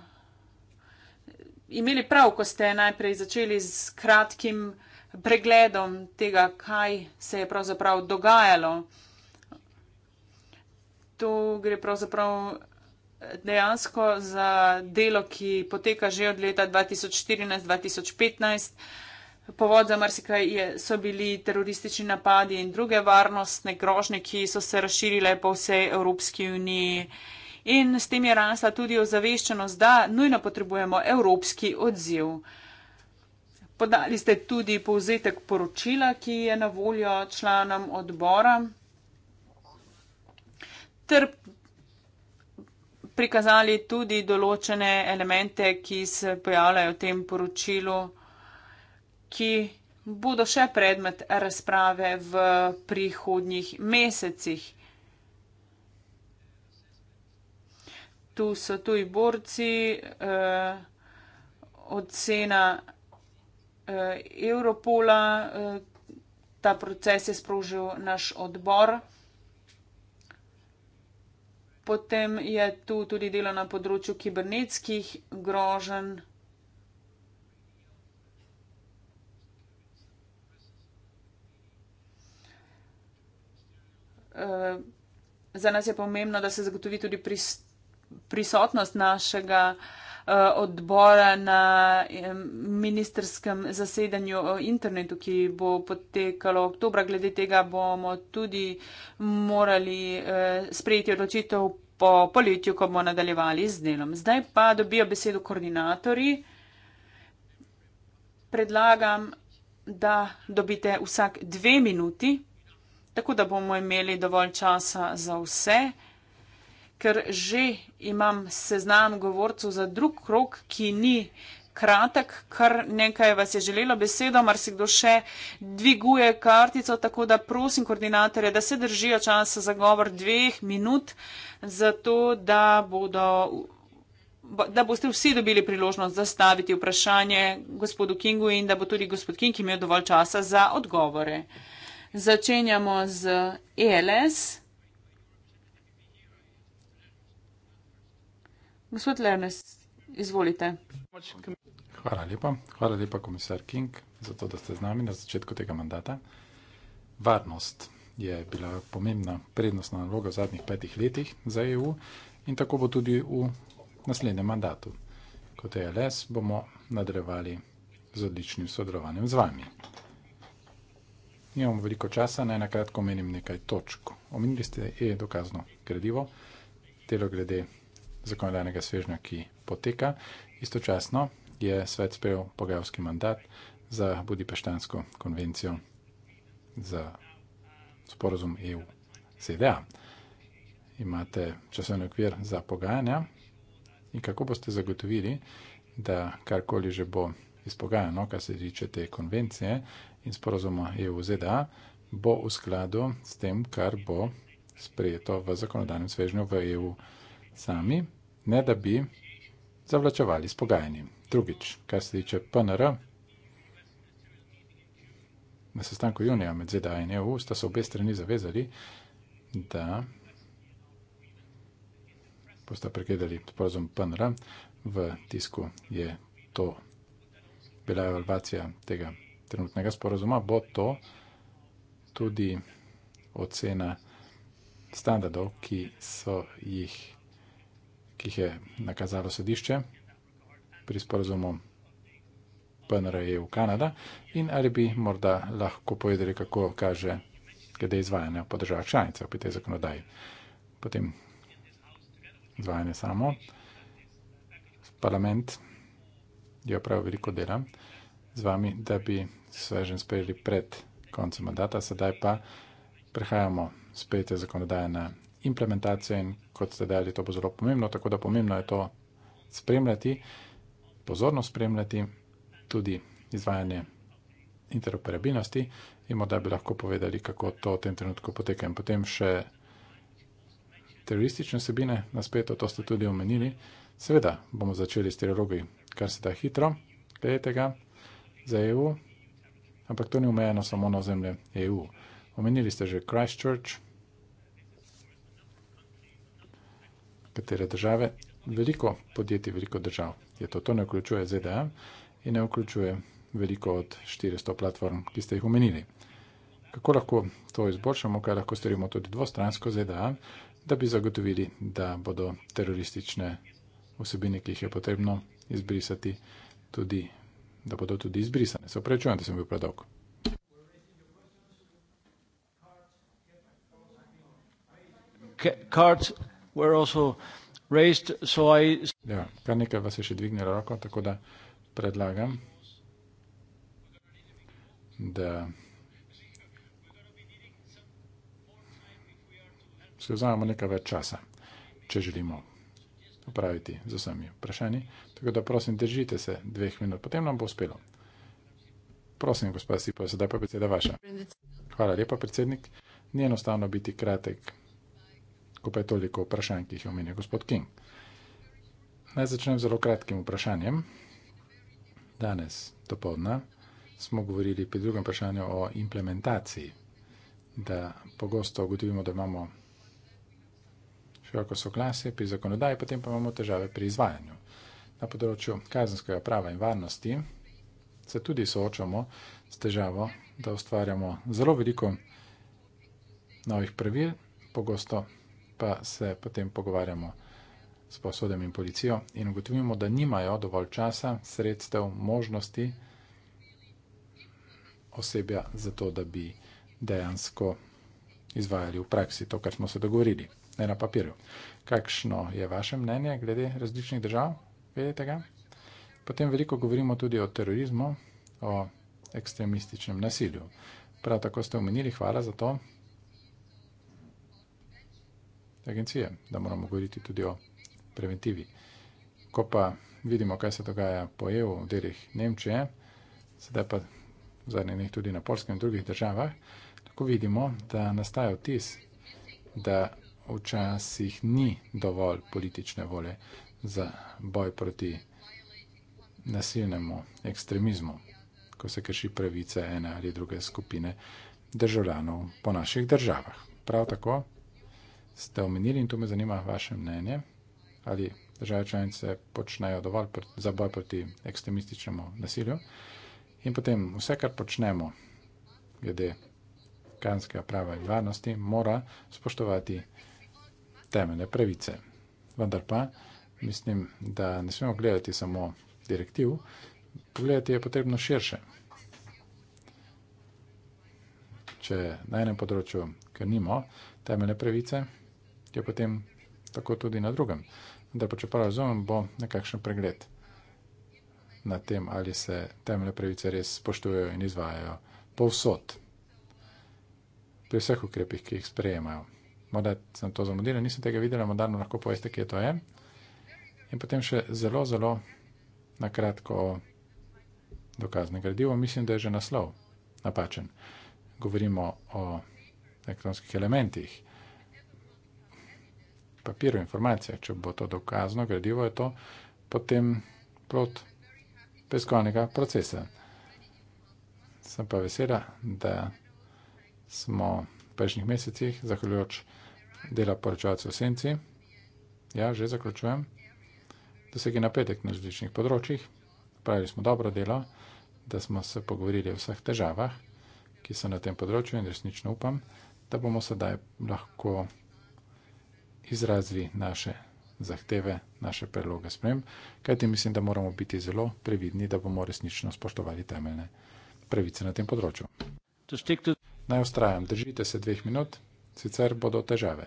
imeli prav, ko ste najprej začeli s kratkim pregledom tega, kaj se je pravzaprav dogajalo. Tu gre pravzaprav dejansko za delo, ki poteka že od leta 2014-2015. Povod za marsikaj je, so bili teroristični napadi in druge varnostne grožnje, ki so se razširile po vsej Evropski uniji. In s tem je rasla tudi ozaveščenost, da nujno potrebujemo evropski odziv. Podali ste tudi povzetek poročila, ki je na voljo članom odbora, ter prikazali tudi določene elemente, ki se pojavljajo v tem poročilu, ki bodo še predmet razprave v prihodnjih mesecih. Tu so tuji borci, eh, ocena eh, Europola, eh, ta proces je sprožil naš odbor. Potem je tu tudi delo na področju kibernetskih grožen. Eh, za nas je pomembno, da se zagotovi tudi pris prisotnost našega uh, Eh, odbora na eh, ministerskem zasedanju o internetu, ki bo potekalo oktobra. Glede tega bomo tudi morali eh, sprejeti odločitev po poletju, ko bomo nadaljevali z delom. Zdaj pa dobijo besedo koordinatori. Predlagam, da dobite vsak dve minuti, tako da bomo imeli dovolj časa za vse ker že imam seznam govorcev za drug krok, ki ni kratek, kar nekaj vas je želelo besedo, mar si kdo še dviguje kartico, tako da prosim koordinatorje, da se držijo časa za govor dveh minut, zato da bodo da boste vsi dobili priložnost zastaviti vprašanje gospodu Kingu in da bo tudi gospod King imel dovolj časa za odgovore. Začenjamo z ELS. Gospod Lernes, izvolite. Hvala lepa. Hvala lepa, komisar King, za to, da ste z nami na začetku tega mandata. Varnost je bila pomembna prednostna naloga v zadnjih petih letih za EU in tako bo tudi v naslednjem mandatu. Kot ALS e bomo nadrevali z odličnim sodelovanjem z vami. Nimamo veliko časa, naj nakratko omenim nekaj točk. Omenili ste e-dokazno gradivo, telo glede zakonodajnega svežnja, ki poteka. Istočasno je svet sprejel pogajalski mandat za Budipeštansko konvencijo za sporozum EU-ZDA. Imate časovni okvir za pogajanja in kako boste zagotovili, da karkoli že bo izpogajano, kar se tiče te konvencije in sporozuma EU-ZDA, bo v skladu s tem, kar bo sprejeto v zakonodajnem svežnju v EU-ZDA sami, ne da bi zavlačevali s pogajanji. Drugič, kar se tiče PNR, na sestanku junija med ZDA in EU sta se obe strani zavezali, da boste pregledali sporozum PNR. V tisku je to bila evalvacija tega trenutnega sporozuma, bo to tudi ocena standardov, ki so jih ki jih je nakazalo sedišče pri sporozumu PNR-je v Kanada in ali bi morda lahko povedali, kako kaže glede izvajanja po državah članicah pri tej zakonodaji. Potem izvajanje samo. Parlament je opravil veliko dela z vami, da bi svežen sprejeli pred koncem mandata, sedaj pa prehajamo sprejete zakonodaje na implementacije in kot ste dejali, to bo zelo pomembno, tako da pomembno je to spremljati, pozorno spremljati tudi izvajanje interoperabilnosti in morda bi lahko povedali, kako to v tem trenutku poteka in potem še teroristične sebine na spletu, to ste tudi omenili. Seveda bomo začeli s teroristi, kar se da hitro, glede tega za EU, ampak to ni omejeno samo na zemlje EU. Omenili ste že Christchurch, katere države, veliko podjetij, veliko držav je to. To ne vključuje ZDA in ne vključuje veliko od 400 platform, ki ste jih omenili. Kako lahko to izboljšamo, kaj lahko storimo tudi dvostransko ZDA, da bi zagotovili, da bodo teroristične osebine, ki jih je potrebno izbrisati, tudi, da bodo tudi izbrisane. Se oprečujem, da sem bil predolg. Kart Raised, so I... Ja, kar nekaj vas je še dvignilo roko, tako da predlagam, da se vzamemo nekaj več časa, če želimo upraviti z vsemi vprašanji. Tako da prosim, držite se dveh minut, potem nam bo uspelo. Prosim, gospod Sipa, sedaj pa beseda vaša. Hvala lepa, predsednik. Ni enostavno biti kratek. Tako pa je toliko vprašanj, ki jih omenja gospod King. Naj začnem z zelo kratkim vprašanjem. Danes, dopoledne, smo govorili pri drugem vprašanju o implementaciji. Da pogosto ugotovimo, da imamo široko soglasje pri zakonodaji, potem pa imamo težave pri izvajanju. Na področju kazenskega prava in varnosti se tudi soočamo s težavo, da ustvarjamo zelo veliko novih pravil, pogosto pa se potem pogovarjamo s posodem in policijo in ugotovimo, da nimajo dovolj časa, sredstev, možnosti osebja za to, da bi dejansko izvajali v praksi to, kar smo se dogovorili, ne na papirju. Kakšno je vaše mnenje glede različnih držav? Vedete ga? Potem veliko govorimo tudi o terorizmu, o ekstremističnem nasilju. Prav tako ste omenili, hvala za to, agencije, da moramo govoriti tudi o preventivi. Ko pa vidimo, kaj se dogaja po EU, v delih Nemčije, sedaj pa v zadnjih dneh tudi na polskem in drugih državah, tako vidimo, da nastaja vtis, da včasih ni dovolj politične vole za boj proti nasilnemu ekstremizmu, ko se krši pravice ene ali druge skupine državljanov po naših državah. Prav tako ste omenili in to me zanima vaše mnenje, ali države članice počnejo dovolj za boj proti ekstremističnemu nasilju in potem vse, kar počnemo glede kanskega prava in varnosti, mora spoštovati temeljne pravice. Vendar pa mislim, da ne smemo gledati samo direktiv, pogledati je potrebno širše. Če na enem področju krnimo temeljne pravice, je potem tako tudi na drugem. Da pa če prav razumem, bo nekakšen pregled na tem, ali se temeljne pravice res spoštujejo in izvajajo povsod, pri vseh ukrepih, ki jih sprejemajo. Morda sem to zamudila, nisem tega videla, morda lahko poveste, kje to je. In potem še zelo, zelo na kratko o dokaznem gradivu. Mislim, da je že naslov napačen. Govorimo o elektronskih elementih papiru informacije, če bo to dokazno gradivo, je to potem plot preiskovalnega procesa. Sem pa vesela, da smo v prejšnjih mesecih, zahvaljujoč dela poročevalcev v senci, ja, že zaključujem, dosegli napredek na različnih področjih, pravili smo dobro delo, da smo se pogovorili o vseh težavah, ki so na tem področju in resnično upam, da bomo sedaj lahko izrazili naše zahteve, naše predloge sprem, kajti mislim, da moramo biti zelo previdni, da bomo resnično spoštovali temeljne pravice na tem področju. Naj ustrajam, držite se dveh minut, sicer bodo težave.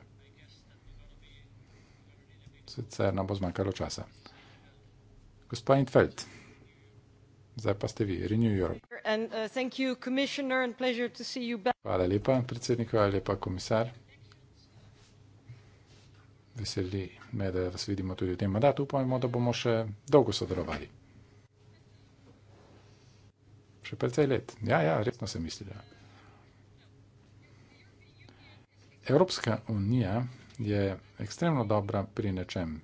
Sicer nam bo zmanjkalo časa. Gospa Intfeld, zdaj pa ste vi, Renew Europe. Uh, hvala lepa, predsednik, hvala lepa, komisar veseli me, da vas vidimo tudi v tem mandatu. Upamo, da bomo še dolgo sodelovali. Še precej let. Ja, ja, resno sem mislil. Evropska unija je ekstremno dobra pri nečem,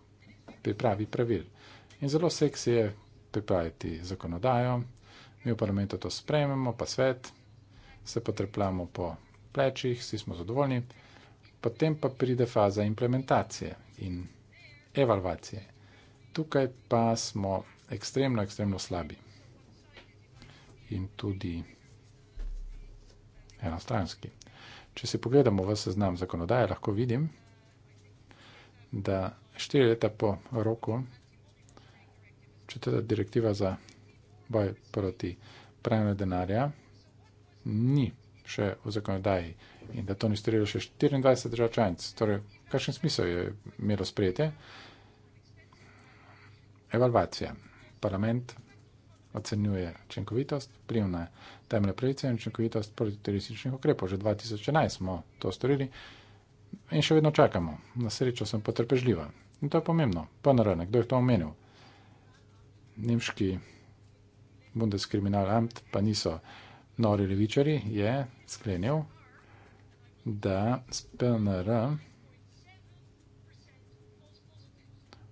pri pravi pravil. In zelo seks je pripraviti zakonodajo, mi v parlamentu to sprememo, pa svet, se potrpljamo po plečih, vsi smo zadovoljni potem pa pride faza implementacije in evalvacije. Tukaj pa smo ekstremno, ekstremno slabi. In tudi enostranski. Če si pogledamo v seznam zakonodaje, lahko vidim, da štiri leta po roku četrta direktiva za boj proti pranju denarja ni še v zakonodaji vsega in da to ni storilo še 24 držav članic. Torej, kakšen smisel je imelo sprejetje? Evalvacija. Parlament ocenjuje učinkovitost, pliv na temeljne pravice in učinkovitost protiterorističnih ukrepov. Že 2011 smo to storili in še vedno čakamo. Na srečo sem potrpežljiva. In to je pomembno. PNR, nekdo je to omenil. Nemški Bundeskriminalamt pa niso nori levičari, je sklenil, da spel na R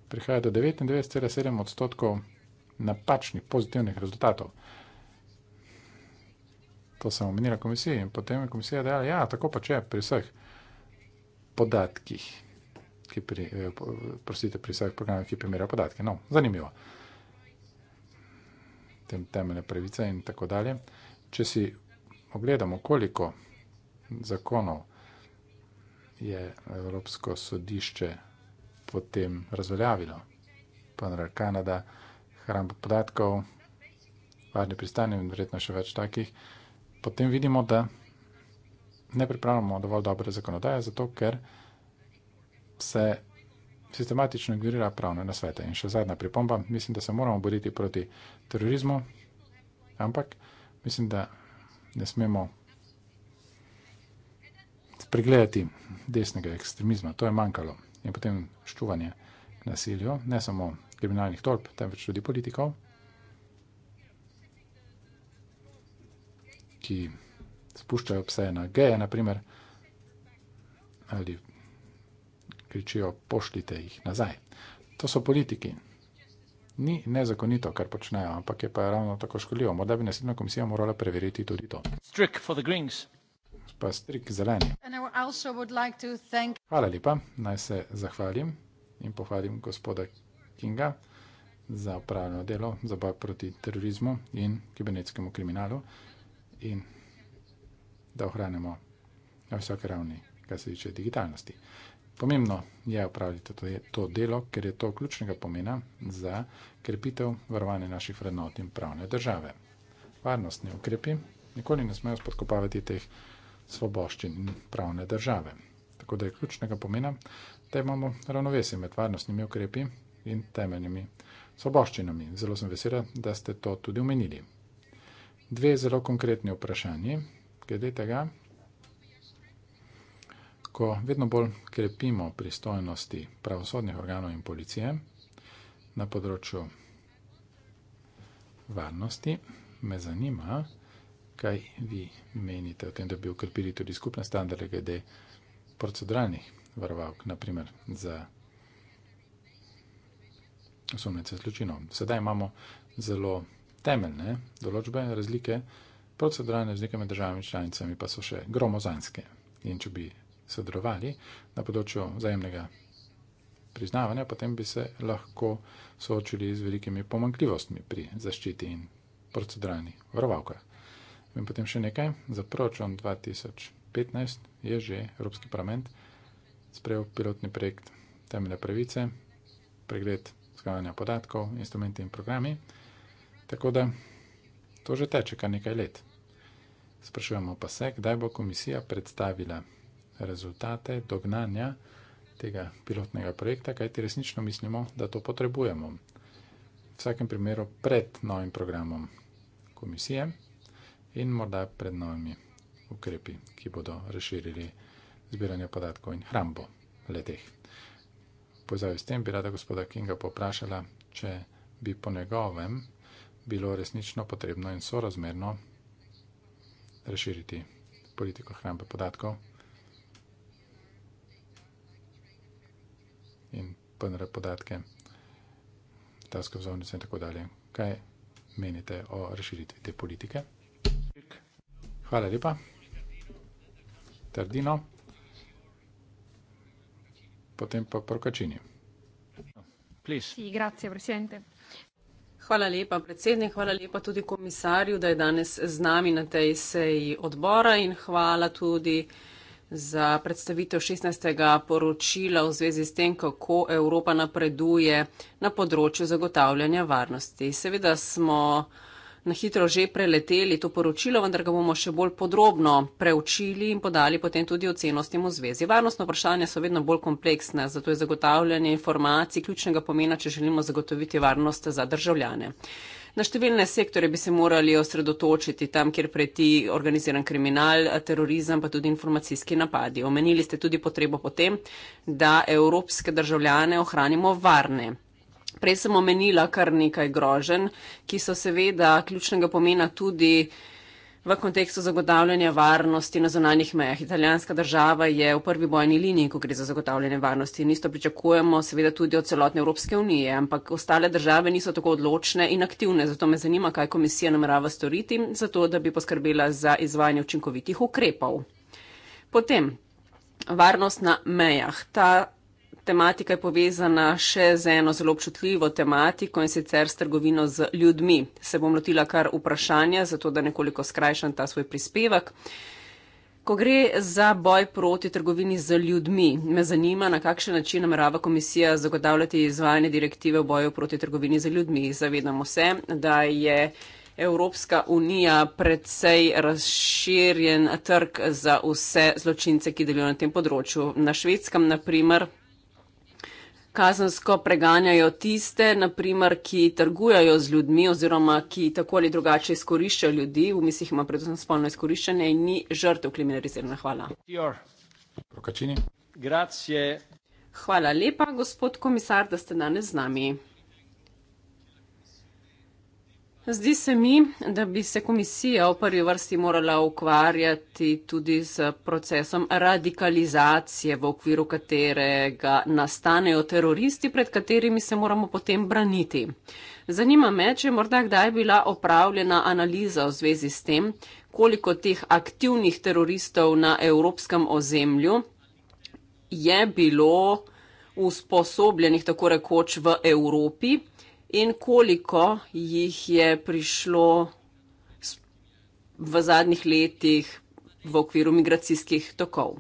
prihaja do 99,7 odstotkov napačnih, pozitivnih rezultatov. To sem omenila komisiji in potem je komisija dejala, ja, tako pa če pri vseh podatkih, ki pri, eh, prosite, pri vseh programih, ki primerjajo podatke. No, zanimivo. Tem temeljne pravice in tako dalje. Če si ogledamo, koliko zakonov je Evropsko sodišče potem razveljavilo. Panera Kanada, hram podatkov, varni pristani in verjetno še več takih, potem vidimo, da ne pripravljamo dovolj dobre zakonodaje, zato ker se sistematično ignorira pravne nasvete. In še zadnja pripomba, mislim, da se moramo boriti proti terorizmu, ampak mislim, da ne smemo spregledati desnega ekstremizma. To je manjkalo. In potem ščuvanje k nasilju, ne samo kriminalnih tolp, temveč tudi politikov, ki spuščajo pse na geje, naprimer, ali kričijo, pošljite jih nazaj. To so politiki. Ni nezakonito, kar počnejo, ampak je pa ravno tako škodljivo. Morda bi nasilna komisija morala preveriti tudi to pa strik zeleni. Hvala lepa, naj se zahvalim in pohvalim gospoda Kinga za upravljeno delo, za boj proti terorizmu in kibernetskemu kriminalu in da ohranimo na vsake ravni, kar se tiče digitalnosti. Pomembno je upravljati to delo, ker je to ključnega pomena za krepitev varovanja naših vrednot in pravne države. Varnostni ukrepi nikoli ne smejo spodkopavati teh vrednot, svoboščin in pravne države. Tako da je ključnega pomena, da imamo ravnovesje med varnostnimi ukrepi in temeljnimi svoboščinami. Zelo sem vesela, da ste to tudi omenili. Dve zelo konkretni vprašanji glede tega, ko vedno bolj krepimo pristojnosti pravosodnih organov in policije na področju varnosti, me zanima, kaj vi menite o tem, da bi ukrepili tudi skupne standarde glede proceduralnih varovalk, naprimer za osumljence slučino. Sedaj imamo zelo temeljne določbe, razlike, proceduralne z nekimi državami članicami pa so še gromozanske. In če bi sodelovali na področju vzajemnega priznavanja, potem bi se lahko soočili z velikimi pomankljivostmi pri zaščiti in proceduralnih varovalkah. In potem še nekaj, za proračun 2015 je že Evropski parlament sprejel pilotni projekt temeljne pravice, pregled skladanja podatkov, instrumenti in programi. Tako da to že teče kar nekaj let. Sprašujemo pa se, kdaj bo komisija predstavila rezultate dognanja tega pilotnega projekta, kajti resnično mislimo, da to potrebujemo. V vsakem primeru pred novim programom komisije in morda pred novimi ukrepi, ki bodo razširili zbiranje podatkov in hrambo leteh. Pozavi s tem bi rada gospoda Kinga poprašala, če bi po njegovem bilo resnično potrebno in sorazmerno razširiti politiko hrambe podatkov in PNR podatke, taske vzornice in tako dalje. Kaj menite o razširitvi te politike? Hvala lepa. Trdino. Potem pa prokačini. Hvala lepa, predsednik. Hvala lepa tudi komisarju, da je danes z nami na tej seji odbora in hvala tudi za predstavitev 16. poročila v zvezi s tem, kako Evropa napreduje na področju zagotavljanja varnosti. Seveda smo na hitro že preleteli to poročilo, vendar ga bomo še bolj podrobno preučili in podali potem tudi oceno s tem v zvezi. Varnostno vprašanje so vedno bolj kompleksne, zato je zagotavljanje informacij ključnega pomena, če želimo zagotoviti varnost za državljane. Na številne sektore bi se morali osredotočiti tam, kjer preti organiziran kriminal, terorizem, pa tudi informacijski napadi. Omenili ste tudi potrebo potem, da evropske državljane ohranimo varne. Prej sem omenila kar nekaj grožen, ki so seveda ključnega pomena tudi v kontekstu zagotavljanja varnosti na zonanjih mejah. Italijanska država je v prvi bojni liniji, ko gre za zagotavljanje varnosti. Nisto pričakujemo seveda tudi od celotne Evropske unije, ampak ostale države niso tako odločne in aktivne. Zato me zanima, kaj komisija namerava storiti, zato da bi poskrbela za izvajanje učinkovitih ukrepov. Potem, varnost na mejah. Ta tematika je povezana še z eno zelo občutljivo tematiko in sicer s trgovino z ljudmi. Se bom lotila kar vprašanja, zato da nekoliko skrajšam ta svoj prispevek. Ko gre za boj proti trgovini z ljudmi, me zanima, na kakšen način namerava komisija zagotavljati izvajanje direktive o boju proti trgovini z ljudmi. Zavedamo se, da je Evropska unija predvsej razširjen trg za vse zločince, ki delijo na tem področju. Na švedskem, naprimer, kazensko preganjajo tiste, naprimer, ki trgujajo z ljudmi oziroma ki tako ali drugače izkoriščajo ljudi, v mislih ima predvsem spolno izkoriščanje in ni žrtev kriminalizirane. Hvala. Hvala lepa, gospod komisar, da ste danes z nami. Zdi se mi, da bi se komisija v prvi vrsti morala ukvarjati tudi z procesom radikalizacije, v okviru katerega nastanejo teroristi, pred katerimi se moramo potem braniti. Zanima me, če morda kdaj je bila opravljena analiza v zvezi s tem, koliko teh aktivnih teroristov na evropskem ozemlju je bilo usposobljenih tako rekoč v Evropi in koliko jih je prišlo v zadnjih letih v okviru migracijskih tokov.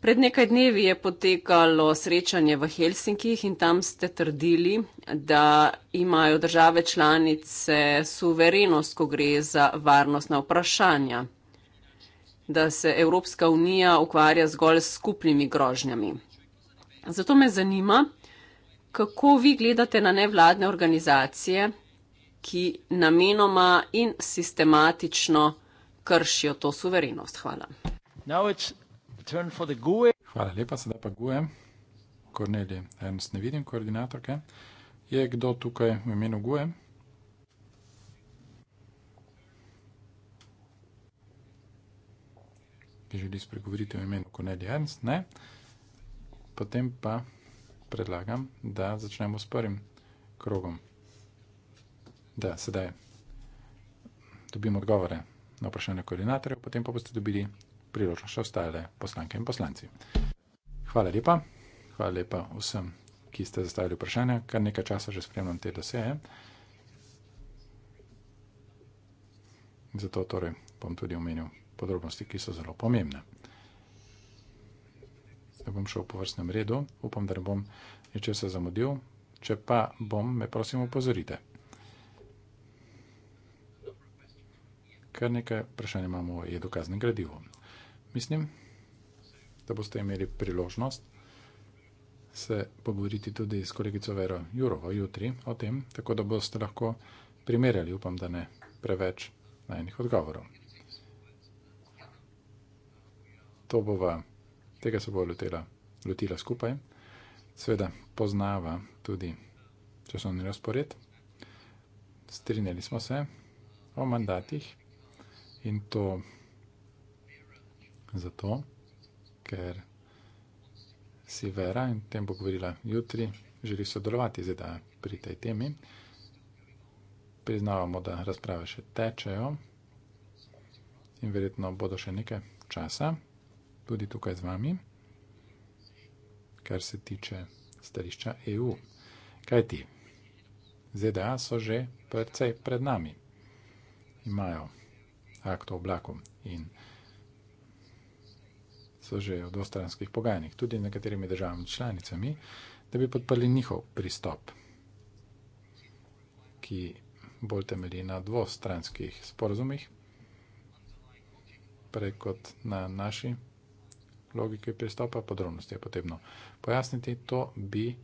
Pred nekaj dnevi je potekalo srečanje v Helsinkih in tam ste trdili, da imajo države članice suverenost, ko gre za varnostna vprašanja, da se Evropska unija ukvarja zgolj s skupnimi grožnjami. Zato me zanima, kako vi gledate na nevladne organizacije, ki namenoma in sistematično kršijo to suverenost? Hvala. E. Hvala lepa, sedaj pa Gue, Kornelije, enost ne vidim, koordinatorke. Je kdo tukaj v imenu Gue? Želi spregovoriti o imenu Konedi Ernst? Ne. Potem pa predlagam, da začnemo s prvim krogom. Da, sedaj dobimo odgovore na vprašanje koordinatorjev, potem pa boste dobili priložnost še ostale poslanke in poslanci. Hvala lepa, hvala lepa vsem, ki ste zastavili vprašanje, kar nekaj časa že spremljam te doseje. Zato torej bom tudi omenil podrobnosti, ki so zelo pomembne da bom šel po vrstnem redu. Upam, da ne bom ničesar zamudil. Če pa bom, me prosim upozorite. Kar nekaj vprašanj imamo o e-dokaznem gradivu. Mislim, da boste imeli priložnost se pogovoriti tudi s kolegico Vero Jurovo jutri o tem, tako da boste lahko primerjali, upam, da ne preveč na enih odgovorov. To bova tega se bo lotila, lotila skupaj. Sveda poznava tudi časovni razpored. Strinjali smo se o mandatih in to zato, ker si vera in tem bo govorila jutri, želi sodelovati zdaj pri tej temi. Priznavamo, da razprave še tečejo in verjetno bodo še nekaj časa tudi tukaj z vami, kar se tiče stališča EU. Kaj ti? ZDA so že precej pred nami, imajo akt o oblaku in so že v dostranskih pogajanjih, tudi nekaterimi državami članicami, da bi podprli njihov pristop, ki bolj temelji na dvostranskih sporozumih, prej kot na naši logike pristopa, podrobnosti je potrebno pojasniti, to bi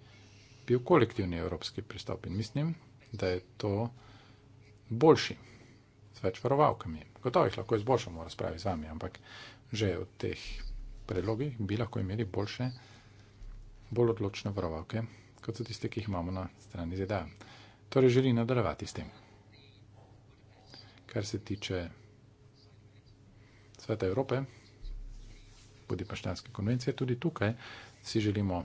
bil kolektivni evropski pristop in mislim, da je to boljši z več varovalkami. Gotovo jih lahko izboljšamo v razpravi z vami, ampak že v teh predlogih bi lahko imeli boljše, bolj odločne varovalke, kot so tiste, ki jih imamo na strani ZDA. Torej želi nadaljevati s tem. Kar se tiče Sveta Evrope, spodi paštanske konvencije, tudi tukaj si želimo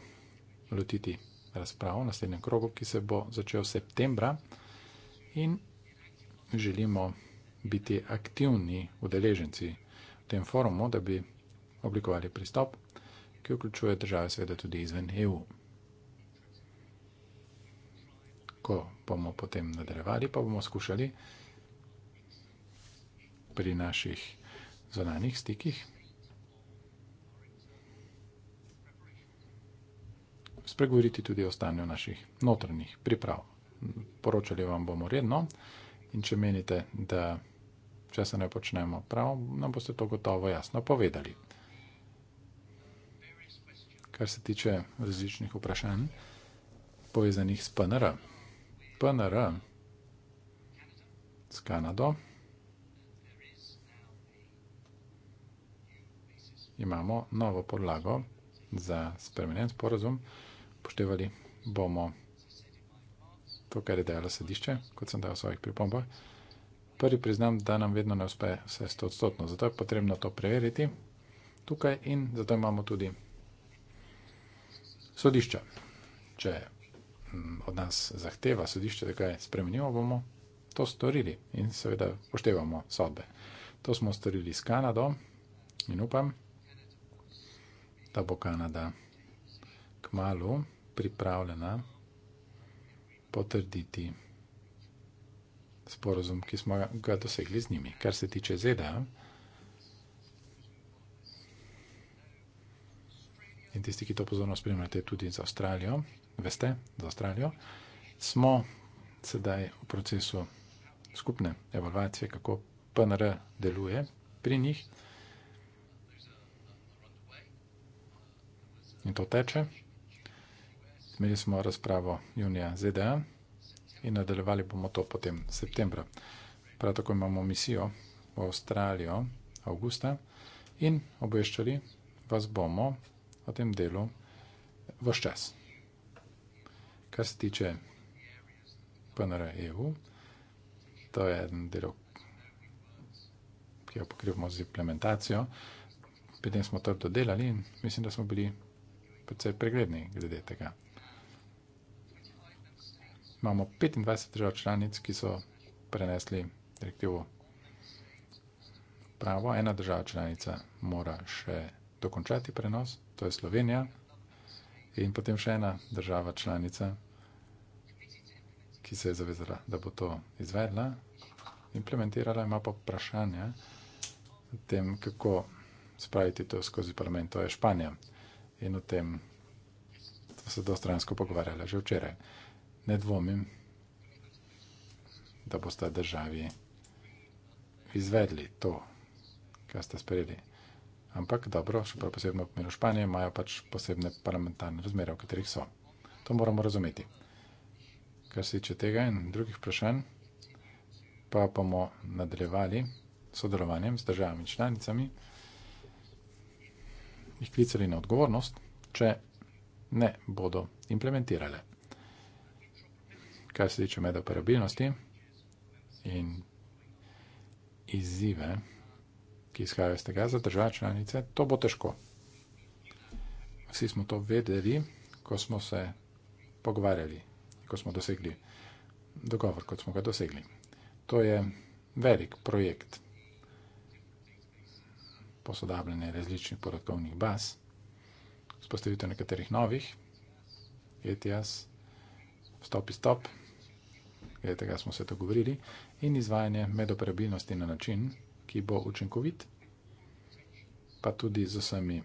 lotiti razpravo na naslednjem krogu, ki se bo začel septembra in želimo biti aktivni udeleženci v tem forumu, da bi oblikovali pristop, ki vključuje države sveda tudi izven EU. Ko bomo potem nadaljevali, pa bomo skušali pri naših zonanih stikih spregovoriti tudi o stanju naših notrnih priprav. Poročali vam bomo redno in če menite, da če se ne počnemo prav, nam boste to gotovo jasno povedali. Kar se tiče različnih vprašanj, povezanih s PNR. PNR s Kanado. Imamo novo podlago za spremenjen sporozum upoštevali, bomo to, kar je dejalo sedišče, kot sem dal v svojih pripombah. Prvi priznam, da nam vedno ne uspe vse stotno, zato je potrebno to preveriti tukaj in zato imamo tudi sodišča. Če mm, od nas zahteva sodišče, da kaj spremenimo, bomo to storili in seveda poštevamo sodbe. To smo storili s Kanado in upam, da bo Kanada k malu pripravljena potrditi sporozum, ki smo ga dosegli z njimi. Kar se tiče ZDA in tisti, ki to pozorno spremljate tudi za Avstralijo, veste, za Avstralijo, smo sedaj v procesu skupne evalvacije, kako PNR deluje pri njih. In to teče imeli smo razpravo junija ZDA in nadaljevali bomo to potem septembra. Prav tako imamo misijo v Avstralijo avgusta in obveščali vas bomo o tem delu vse čas. Kar se tiče PNR EU, to je en del, ki ga pokrivamo z implementacijo, potem smo trdo delali in mislim, da smo bili precej pregledni glede tega imamo 25 držav članic, ki so prenesli direktivo. Pravo, ena država članica mora še dokončati prenos, to je Slovenija, in potem še ena država članica, ki se je zavezala, da bo to izvedla, implementirala, ima pa vprašanja o tem, kako spraviti to skozi parlament, to je Španija. In o tem so dostransko pogovarjali že včeraj ne dvomim, da boste državi izvedli to, kar ste sprejeli. Ampak dobro, še prav posebno pomenu Španije, imajo pač posebne parlamentarne razmere, v katerih so. To moramo razumeti. Kar se tiče tega in drugih vprašanj, pa bomo nadaljevali sodelovanjem s državami članicami, jih klicali na odgovornost, če ne bodo implementirale kar se tiče med operabilnosti in izzive, ki izhajajo iz tega za države članice, to bo težko. Vsi smo to vedeli, ko smo se pogovarjali, ko smo dosegli dogovor, kot smo ga dosegli. To je velik projekt posodabljanje različnih podatkovnih baz, spostavitev nekaterih novih, ETS, stop in stop glede tega smo se dogovorili, in izvajanje medoperabilnosti na način, ki bo učinkovit, pa tudi z vsemi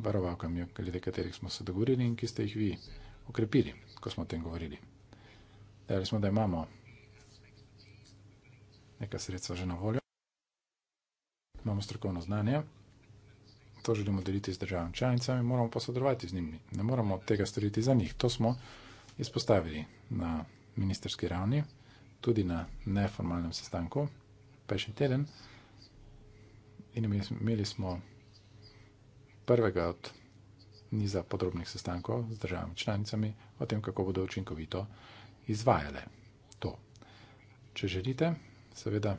varovalkami, glede katerih smo se dogovorili in ki ste jih vi ukrepili, ko smo o tem govorili. Dali smo, da imamo nekaj sredstva že na voljo, imamo strokovno znanje, to želimo deliti z državami članicami, moramo pa sodelovati z njimi, ne moramo tega storiti za njih. To smo izpostavili na ministerski ravni, tudi na neformalnem sestanku prejšnji teden. In imeli smo prvega od niza podrobnih sestankov z državami članicami o tem, kako bodo učinkovito izvajale to. Če želite, seveda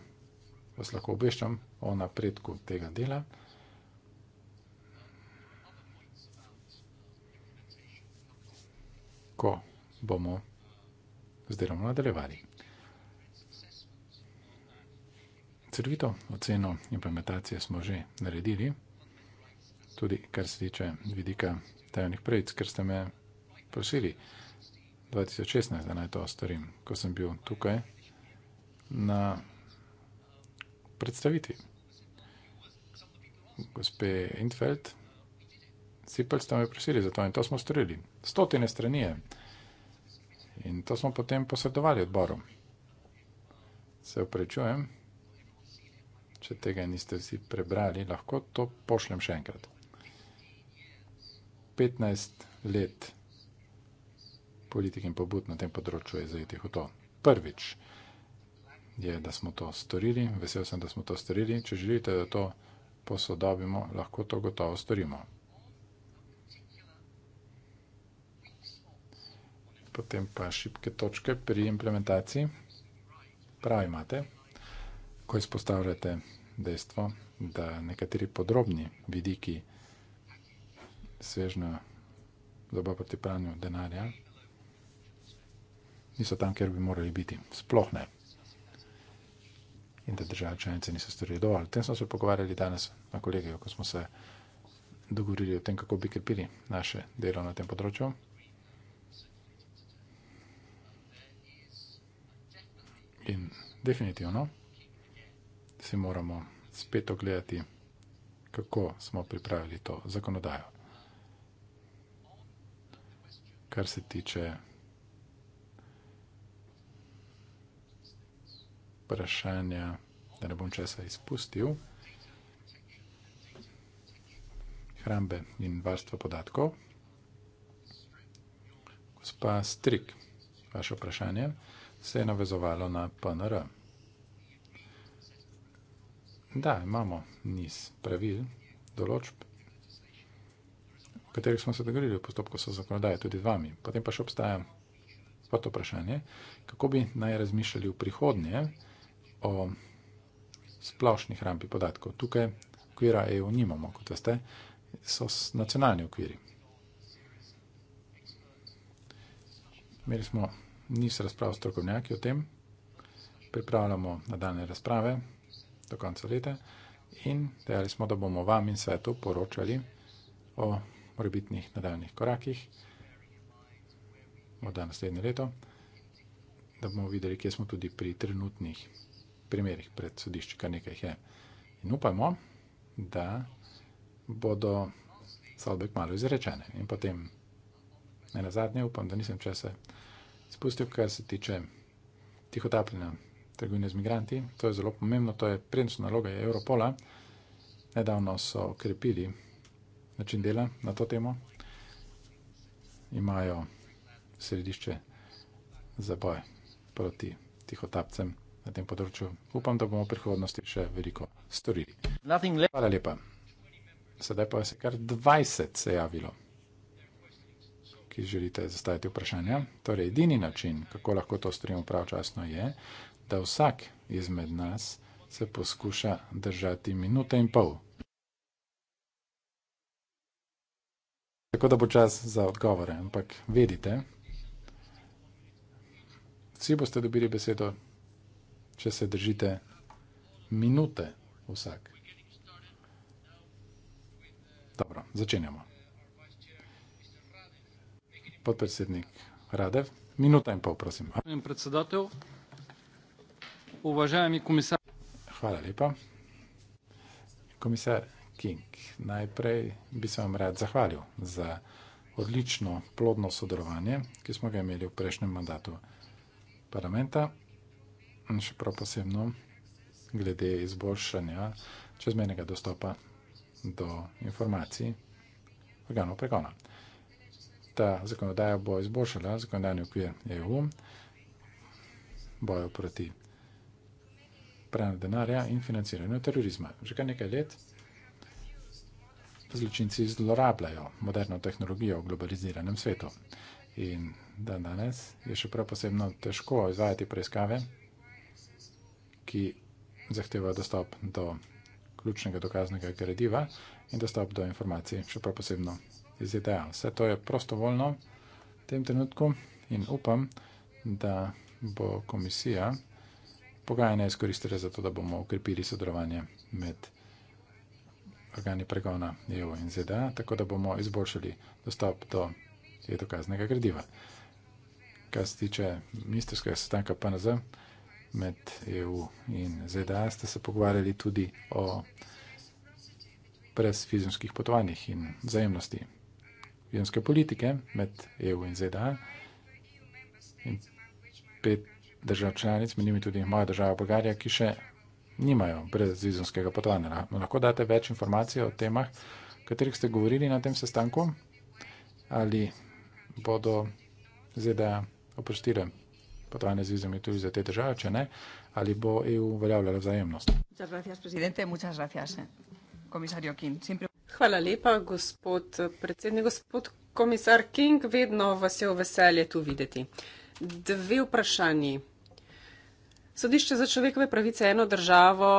vas lahko obveščam o napredku tega dela. Ko bomo zdaj ravno nadaljevali. Crvito oceno implementacije smo že naredili, tudi kar se tiče vidika tajnih prejc, ker ste me prosili 2016, da naj to storim, ko sem bil tukaj na predstaviti. Gospe Intfeld, Sipel ste me prosili za to in to smo storili. Stotine stranije. Stotine stranije. In to smo potem posredovali odboru. Se uprečujem, če tega niste vsi prebrali, lahko to pošljem še enkrat. 15 let politik in pobud na tem področju je zajetih v to. Prvič je, da smo to storili, vesel sem, da smo to storili. Če želite, da to posodobimo, lahko to gotovo storimo. potem pa šibke točke pri implementaciji. Prav imate, ko izpostavljate dejstvo, da nekateri podrobni vidiki svežna doba proti pranju denarja niso tam, kjer bi morali biti. Sploh ne. In da države članice niso storili dovolj. O tem smo se pogovarjali danes na kolegijo, ko smo se dogovorili o tem, kako bi krepili naše delo na tem področju. In definitivno si moramo spet ogledati, kako smo pripravili to zakonodajo. Kar se tiče vprašanja, da ne bom česa izpustil, hrambe in varstvo podatkov. Gospa Strik, vaše vprašanje se je navezovalo na PNR. Da, imamo niz pravil, določb, o katerih smo se dogovorili v postopku so zakonodaje tudi z vami. Potem pa še obstaja spod vprašanje, kako bi naj razmišljali v prihodnje o splošnih rampi podatkov. Tukaj okvira EU nimamo, kot veste, so nacionalni okviri. Imeli smo nisem razpravljal s trokovnjaki o tem, pripravljamo nadaljne razprave do konca leta in dejali smo, da bomo vam in svetu poročali o morebitnih nadaljnih korakih, morda naslednje leto, da bomo videli, kje smo tudi pri trenutnih primerih pred sodišči, kar nekaj je. In upajmo, da bodo sodbe kmalo izrečene in potem ne na zadnje upam, da nisem česa spustil, kar se tiče tihotapljenja trgovine z migranti. To je zelo pomembno, to je prednostna naloga Evropola. Nedavno so okrepili način dela na to temo. Imajo središče za boj proti tihotapcem na tem področju. Upam, da bomo v prihodnosti še veliko storili. Hvala lepa. Sedaj pa se kar 20 se javilo ki želite zastaviti vprašanja. Torej, edini način, kako lahko to storimo pravčasno, je, da vsak izmed nas se poskuša držati minute in pol. Tako da bo čas za odgovore, ampak vedite, vsi boste dobili besedo, če se držite minute vsak. Dobro, začenjamo podpredsednik Radev. Minuta in pol, prosim. Hvala lepa. Komisar King, najprej bi se vam rad zahvalil za odlično plodno sodelovanje, ki smo ga imeli v prejšnjem mandatu parlamenta in še prav posebno glede izboljšanja čezmenega dostopa do informacij organov pregona ta zakonodaja bo izboljšala zakonodajni okvir EU, bojo proti pranju denarja in financiranju terorizma. Že kar nekaj let zločinci zlorabljajo moderno tehnologijo v globaliziranem svetu. In dan danes je še prav posebno težko izvajati preiskave, ki zahtevajo dostop do ključnega dokaznega gradiva in dostop do informacij, še prav posebno iz ideja. Vse to je prostovoljno v tem trenutku in upam, da bo komisija pogajanja izkoristila za to, da bomo ukrepili sodelovanje med organi pregona EU in ZDA, tako da bomo izboljšali dostop do dokaznega gradiva. Kar se tiče ministerskega sestanka PNZ med EU in ZDA, ste se pogovarjali tudi o brez fizijskih potovanjih in vzajemnosti jemske politike med EU in ZDA in pet držav članic, med njimi tudi moja država Bolgarija, ki še nimajo brezvizumskega potovanja. Lahko date več informacije o temah, o katerih ste govorili na tem sestanku, ali bodo ZDA oprostile potovanje z vizumi tudi za te države, če ne, ali bo EU uveljavljala vzajemnost. Muchas gracias, presidente. Muchas gracias, eh. komisario Kim. Siempre... Hvala lepa, gospod predsednik. Gospod komisar King, vedno vas je v veselje tu videti. Dve vprašanji. Sodišče za človekove pravice eno državo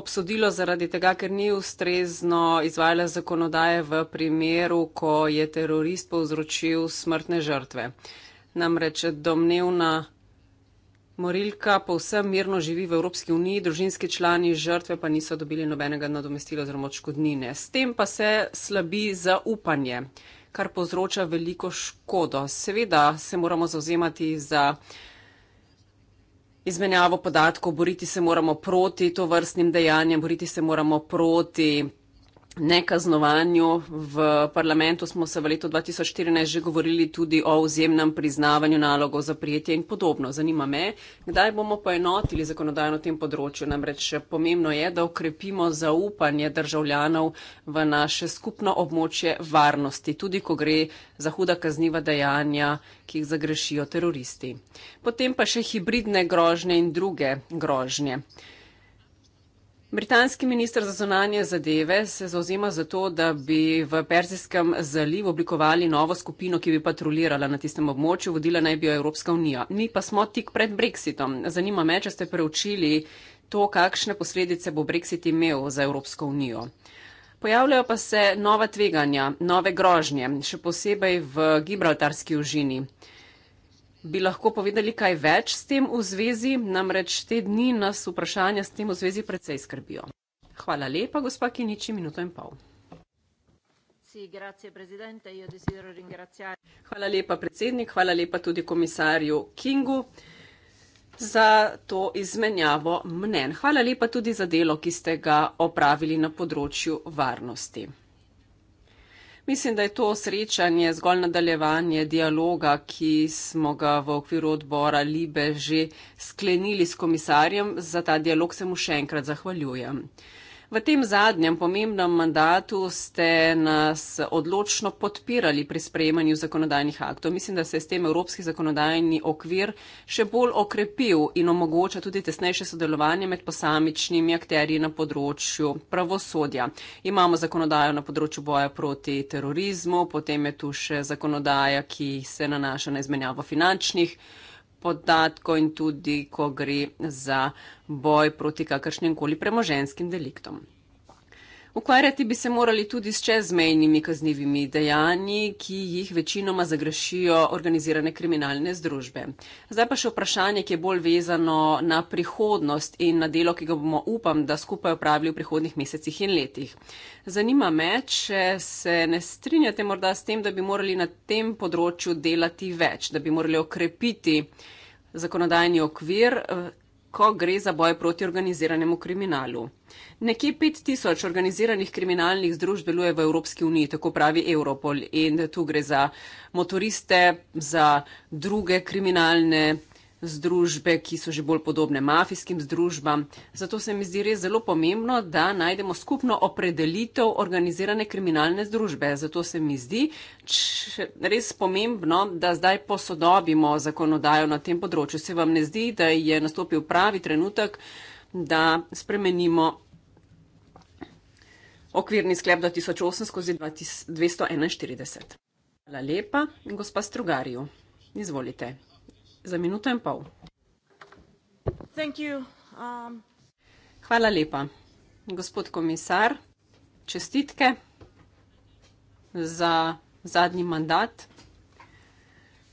obsodilo zaradi tega, ker ni ustrezno izvajala zakonodaje v primeru, ko je terorist povzročil smrtne žrtve. Namreč domnevna Morilka povsem mirno živi v Evropski uniji, družinski člani žrtve pa niso dobili nobenega nadomestila oziroma odškodnine. S tem pa se slabi zaupanje, kar povzroča veliko škodo. Seveda se moramo zauzemati za izmenjavo podatkov, boriti se moramo proti to vrstnim dejanjem, boriti se moramo proti nekaznovanju. V parlamentu smo se v letu 2014 že govorili tudi o vzemnem priznavanju nalogov za prijetje in podobno. Zanima me, kdaj bomo poenotili zakonodajo na tem področju. Namreč pomembno je, da okrepimo zaupanje državljanov v naše skupno območje varnosti, tudi ko gre za huda kazniva dejanja, ki jih zagrešijo teroristi. Potem pa še hibridne grožnje in druge grožnje. Britanski minister za zonanje zadeve se zauzema za to, da bi v Persijskem zalivu oblikovali novo skupino, ki bi patrolirala na tistem območju, vodila naj bi jo Evropska unija. Mi pa smo tik pred Brexitom. Zanima me, če ste preučili to, kakšne posledice bo Brexit imel za Evropsko unijo. Pojavljajo pa se nova tveganja, nove grožnje, še posebej v Gibraltarski užini bi lahko povedali kaj več s tem v zvezi, namreč te dni nas vprašanja s tem v zvezi precej skrbijo. Hvala lepa, gospa Kiniči, minuto in pol. Hvala lepa, predsednik, hvala lepa tudi komisarju Kingu za to izmenjavo mnen. Hvala lepa tudi za delo, ki ste ga opravili na področju varnosti. Mislim, da je to srečanje zgolj nadaljevanje dialoga, ki smo ga v okviru odbora Libe že sklenili s komisarjem. Za ta dialog se mu še enkrat zahvaljujem. V tem zadnjem pomembnem mandatu ste nas odločno podpirali pri sprejemanju zakonodajnih aktov. Mislim, da se je s tem evropski zakonodajni okvir še bolj okrepil in omogoča tudi tesnejše sodelovanje med posamičnimi akterji na področju pravosodja. Imamo zakonodajo na področju boja proti terorizmu, potem je tu še zakonodaja, ki se nanaša na izmenjavo finančnih podatkov in tudi, ko gre za boj proti kakršnim koli premoženskim deliktom. Ukvarjati bi se morali tudi s čezmejnimi kaznjivimi dejanji, ki jih večinoma zagrešijo organizirane kriminalne združbe. Zdaj pa še vprašanje, ki je bolj vezano na prihodnost in na delo, ki ga bomo upam, da skupaj upravili v prihodnih mesecih in letih. Zanima me, če se ne strinjate morda s tem, da bi morali na tem področju delati več, da bi morali okrepiti zakonodajni okvir, eh, ko gre za boj proti organiziranemu kriminalu. Nekje 5000 organiziranih kriminalnih združb deluje v Evropski uniji, tako pravi Europol. In tu gre za motoriste, za druge kriminalne združbe, ki so že bolj podobne mafijskim združbam. Zato se mi zdi res zelo pomembno, da najdemo skupno opredelitev organizirane kriminalne združbe. Zato se mi zdi res pomembno, da zdaj posodobimo zakonodajo na tem področju. Se vam ne zdi, da je nastopil pravi trenutek, da spremenimo okvirni sklep 2008-2241? Hvala lepa, gospa Strugarju. Izvolite za minuto in pol. Um, Hvala lepa. Gospod komisar, čestitke za zadnji mandat.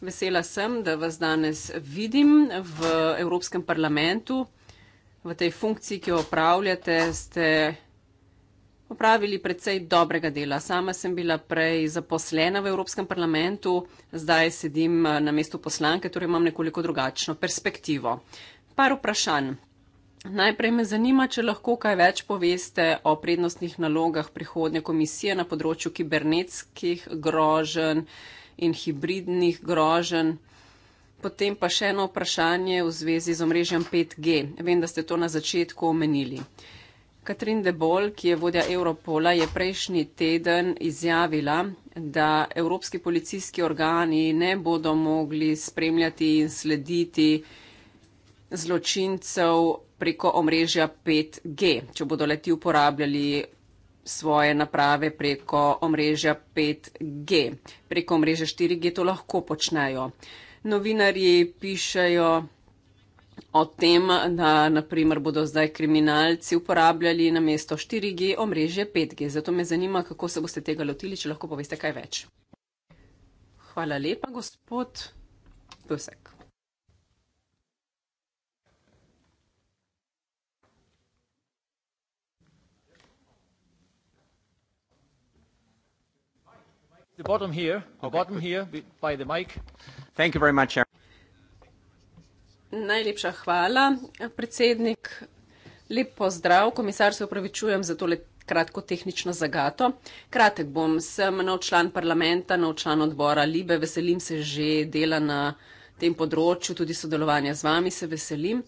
Vesela sem, da vas danes vidim v Evropskem parlamentu. V tej funkciji, ki jo opravljate, ste opravili precej dobrega dela. Sama sem bila prej zaposlena v Evropskem parlamentu, zdaj sedim eh, na mestu poslanke, torej imam nekoliko drugačno perspektivo. Par vprašanj. Najprej me zanima, če lahko kaj več poveste o prednostnih nalogah prihodnje komisije na področju kibernetskih grožen in hibridnih grožen. Potem pa še eno vprašanje v zvezi z omrežjem 5G. Vem, da ste to na začetku omenili. Katrin De Bol, ki je vodja Europola, je prejšnji teden izjavila, da evropski policijski organi ne bodo mogli spremljati in slediti zločincev preko omrežja 5G, če bodo leti uporabljali svoje naprave preko omrežja 5G. Preko omrežja 4G to lahko počnejo. Novinarji pišajo, o tem, da naprimer bodo zdaj kriminalci uporabljali na mesto 4G omrežje 5G. Zato me zanima, kako se boste tega lotili, če lahko poveste kaj več. Hvala lepa, gospod Pusek. The bottom here, the okay, bottom good. here by the mic. Thank you very much, Aaron. Najlepša hvala, predsednik. Lep pozdrav, komisar, se upravičujem za tole kratko tehnično zagato. Kratek bom, sem nov član parlamenta, nov član odbora Libe, veselim se že dela na tem področju, tudi sodelovanja z vami se veselim.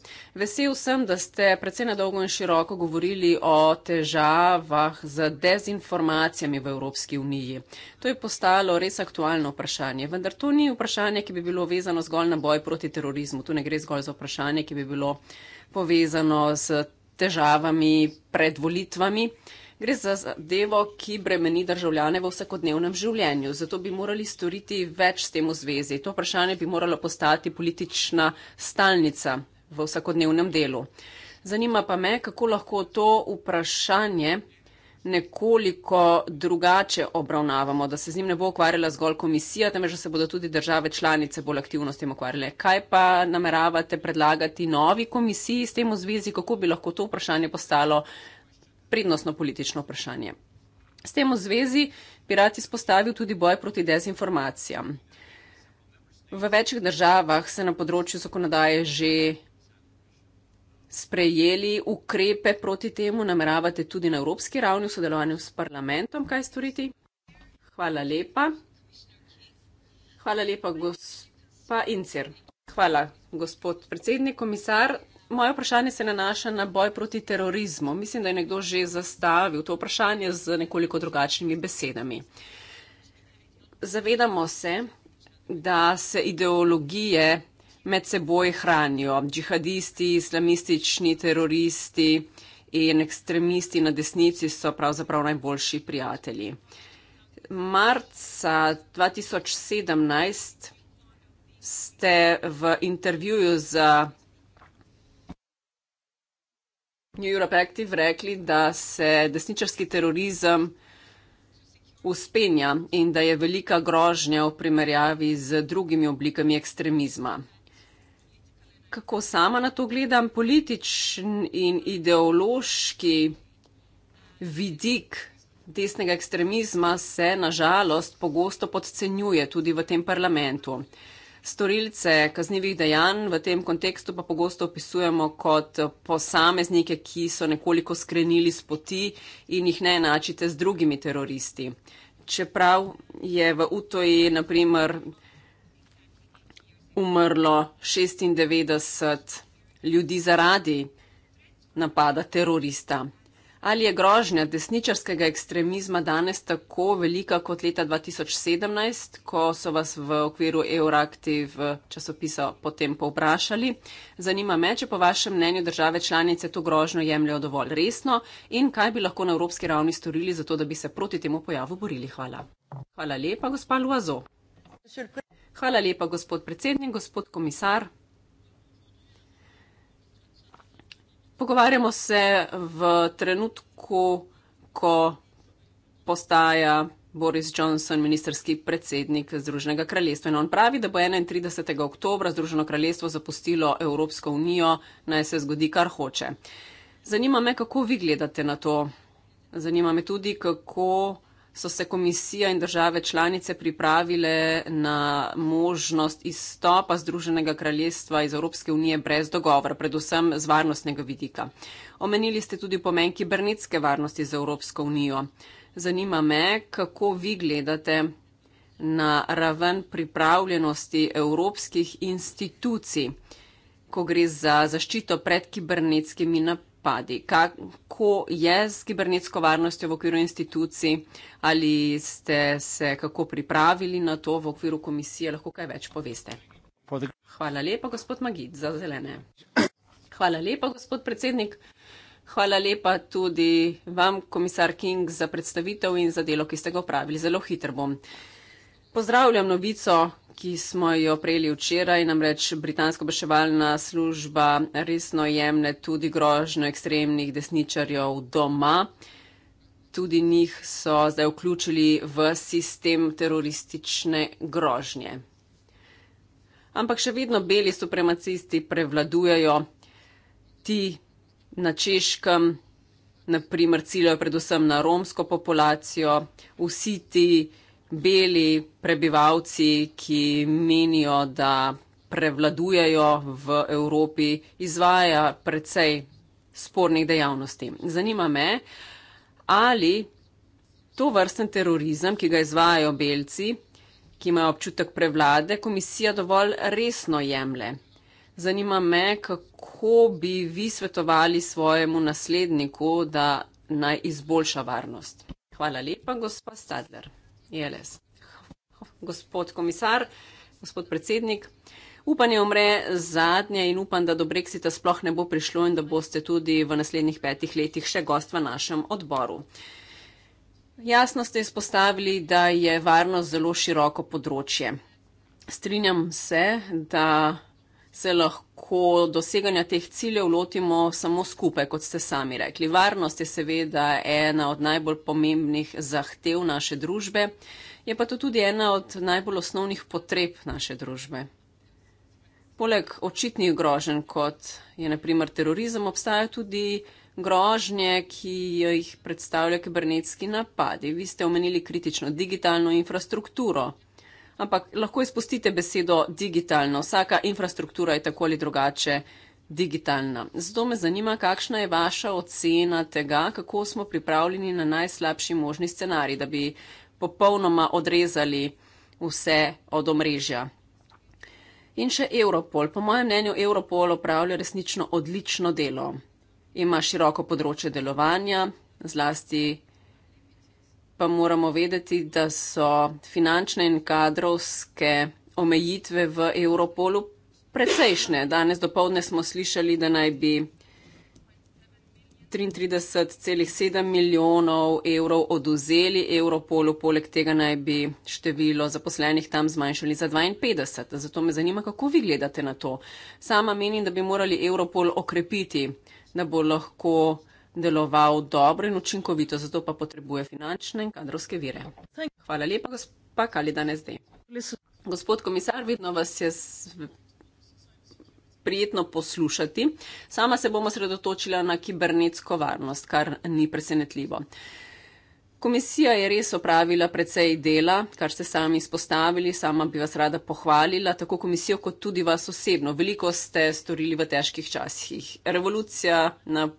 Vesel sem, da ste predvsej na dolgo in široko govorili o težavah z dezinformacijami v Evropski uniji. To je postalo res aktualno vprašanje, vendar to ni vprašanje, ki bi bilo vezano zgolj na boj proti terorizmu. Tu ne gre zgolj za vprašanje, ki bi bilo povezano z težavami pred volitvami. Gre za zadevo, ki bremeni državljane v vsakodnevnem življenju. Zato bi morali storiti več s tem v zvezi. To vprašanje bi moralo postati politična stalnica v vsakodnevnem delu. Zanima pa me, kako lahko to vprašanje nekoliko drugače obravnavamo, da se z njim ne bo ukvarjala zgolj komisija, temveč da se bodo tudi države članice bolj aktivno s tem ukvarjale. Kaj pa nameravate predlagati novi komisiji s tem v zvezi, kako bi lahko to vprašanje postalo prednostno politično vprašanje. S tem v zvezi pirat izpostavil tudi boj proti dezinformacijam. V večjih državah se na področju zakonodaje že sprejeli ukrepe proti temu, nameravate tudi na evropski ravni v sodelovanju s parlamentom kaj storiti? Hvala lepa. Hvala lepa, gospa Incer. Hvala, gospod predsednik, komisar. Moje vprašanje se nanaša na boj proti terorizmu. Mislim, da je nekdo že zastavil to vprašanje z nekoliko drugačnimi besedami. Zavedamo se, da se ideologije med seboj hranijo. Džihadisti, islamistični teroristi in ekstremisti na desnici so pravzaprav najboljši prijatelji. Marca 2017 ste v intervjuju za New York Active rekli, da se desničarski terorizem uspenja in da je velika grožnja v primerjavi z drugimi oblikami ekstremizma. Kako sama na to gledam, političen in ideološki vidik desnega ekstremizma se nažalost pogosto podcenjuje tudi v tem parlamentu. Storilce kaznjivih dejanj v tem kontekstu pa pogosto opisujemo kot posameznike, ki so nekoliko skrenili z poti in jih ne enačite z drugimi teroristi. Čeprav je v Utoji naprimer umrlo 96 ljudi zaradi napada terorista. Ali je grožnja desničarskega ekstremizma danes tako velika kot leta 2017, ko so vas v okviru Euractiv časopisa potem povprašali? Zanima me, če po vašem mnenju države članice to grožnjo jemljajo dovolj resno in kaj bi lahko na evropski ravni storili za to, da bi se proti temu pojavu borili. Hvala. Hvala lepa, gospod Luazo. Hvala lepa, gospod predsednik, gospod komisar. pogovarjamo se v trenutku, ko postaja Boris Johnson ministerski predsednik Združenega kraljestva. In on pravi, da bo 31. oktober Združeno kraljestvo zapustilo Evropsko unijo, naj se zgodi, kar hoče. Zanima me, kako vi gledate na to. Zanima me tudi, kako so se komisija in države članice pripravile na možnost izstopa Združenega kraljestva iz Evropske unije brez dogovora, predvsem z varnostnega vidika. Omenili ste tudi pomen kibernetske varnosti za Evropsko unijo. Zanima me, kako vi gledate na raven pripravljenosti evropskih institucij, ko gre za zaščito pred kibernetskimi napadi padi. Kako je z kibernetsko varnostjo v okviru institucij? Ali ste se kako pripravili na to v okviru komisije? Lahko kaj več poveste. Hvala lepa, gospod Magid, za zelene. Hvala lepa, gospod predsednik. Hvala lepa tudi vam, komisar King, za predstavitev in za delo, ki ste ga upravili. Zelo hitro bom. Pozdravljam novico, ki smo jo prejeli včeraj, namreč Britanska obaševalna služba resno jemne tudi grožno ekstremnih desničarjev doma. Tudi njih so zdaj vključili v sistem teroristične grožnje. Ampak še vedno beli supremacisti prevladujajo. Ti na češkem, naprimer, ciljajo predvsem na romsko populacijo. Vsi ti beli prebivalci, ki menijo, da prevladujejo v Evropi, izvaja precej spornih dejavnosti. Zanima me, ali to vrsten terorizem, ki ga izvajajo belci, ki imajo občutek prevlade, komisija dovolj resno jemlje. Zanima me, kako bi vi svetovali svojemu nasledniku, da naj izboljša varnost. Hvala lepa, gospod Stadler. Jeles. Gospod komisar, gospod predsednik, upanje umre zadnje in upam, da do brexita sploh ne bo prišlo in da boste tudi v naslednjih petih letih še gost v našem odboru. Jasno ste izpostavili, da je varnost zelo široko področje. Strinjam se, da se lahko doseganja teh ciljev lotimo samo skupaj, kot ste sami rekli. Varnost je seveda ena od najbolj pomembnih zahtev naše družbe, je pa to tudi ena od najbolj osnovnih potreb naše družbe. Poleg očitnih groženj, kot je naprimer terorizem, obstajajo tudi grožnje, ki jih predstavlja kibernetski napadi. Vi ste omenili kritično digitalno infrastrukturo ampak lahko izpustite besedo digitalno. Vsaka infrastruktura je tako ali drugače digitalna. Zato me zanima, kakšna je vaša ocena tega, kako smo pripravljeni na najslabši možni scenarij, da bi popolnoma odrezali vse od omrežja. In še Europol. Po mojem mnenju Europol opravlja resnično odlično delo. Ima široko področje delovanja, zlasti pa moramo vedeti, da so finančne in kadrovske omejitve v Europolu precejšnje. Danes dopovdne smo slišali, da naj bi 33,7 milijonov evrov oduzeli Europolu, poleg tega naj bi število zaposlenih tam zmanjšali za 52. Zato me zanima, kako vi gledate na to. Sama menim, da bi morali Europol okrepiti, da bo lahko deloval dobro in učinkovito, zato pa potrebuje finančne in kadrovske vire. Hvala lepa, gospa Kalida, ne zdaj. Gospod komisar, vidno vas je prijetno poslušati. Sama se bomo sredotočila na kibernetsko varnost, kar ni presenetljivo. Komisija je res opravila precej dela, kar ste sami izpostavili, sama bi vas rada pohvalila, tako komisijo kot tudi vas osebno. Veliko ste storili v težkih časih. Revolucija na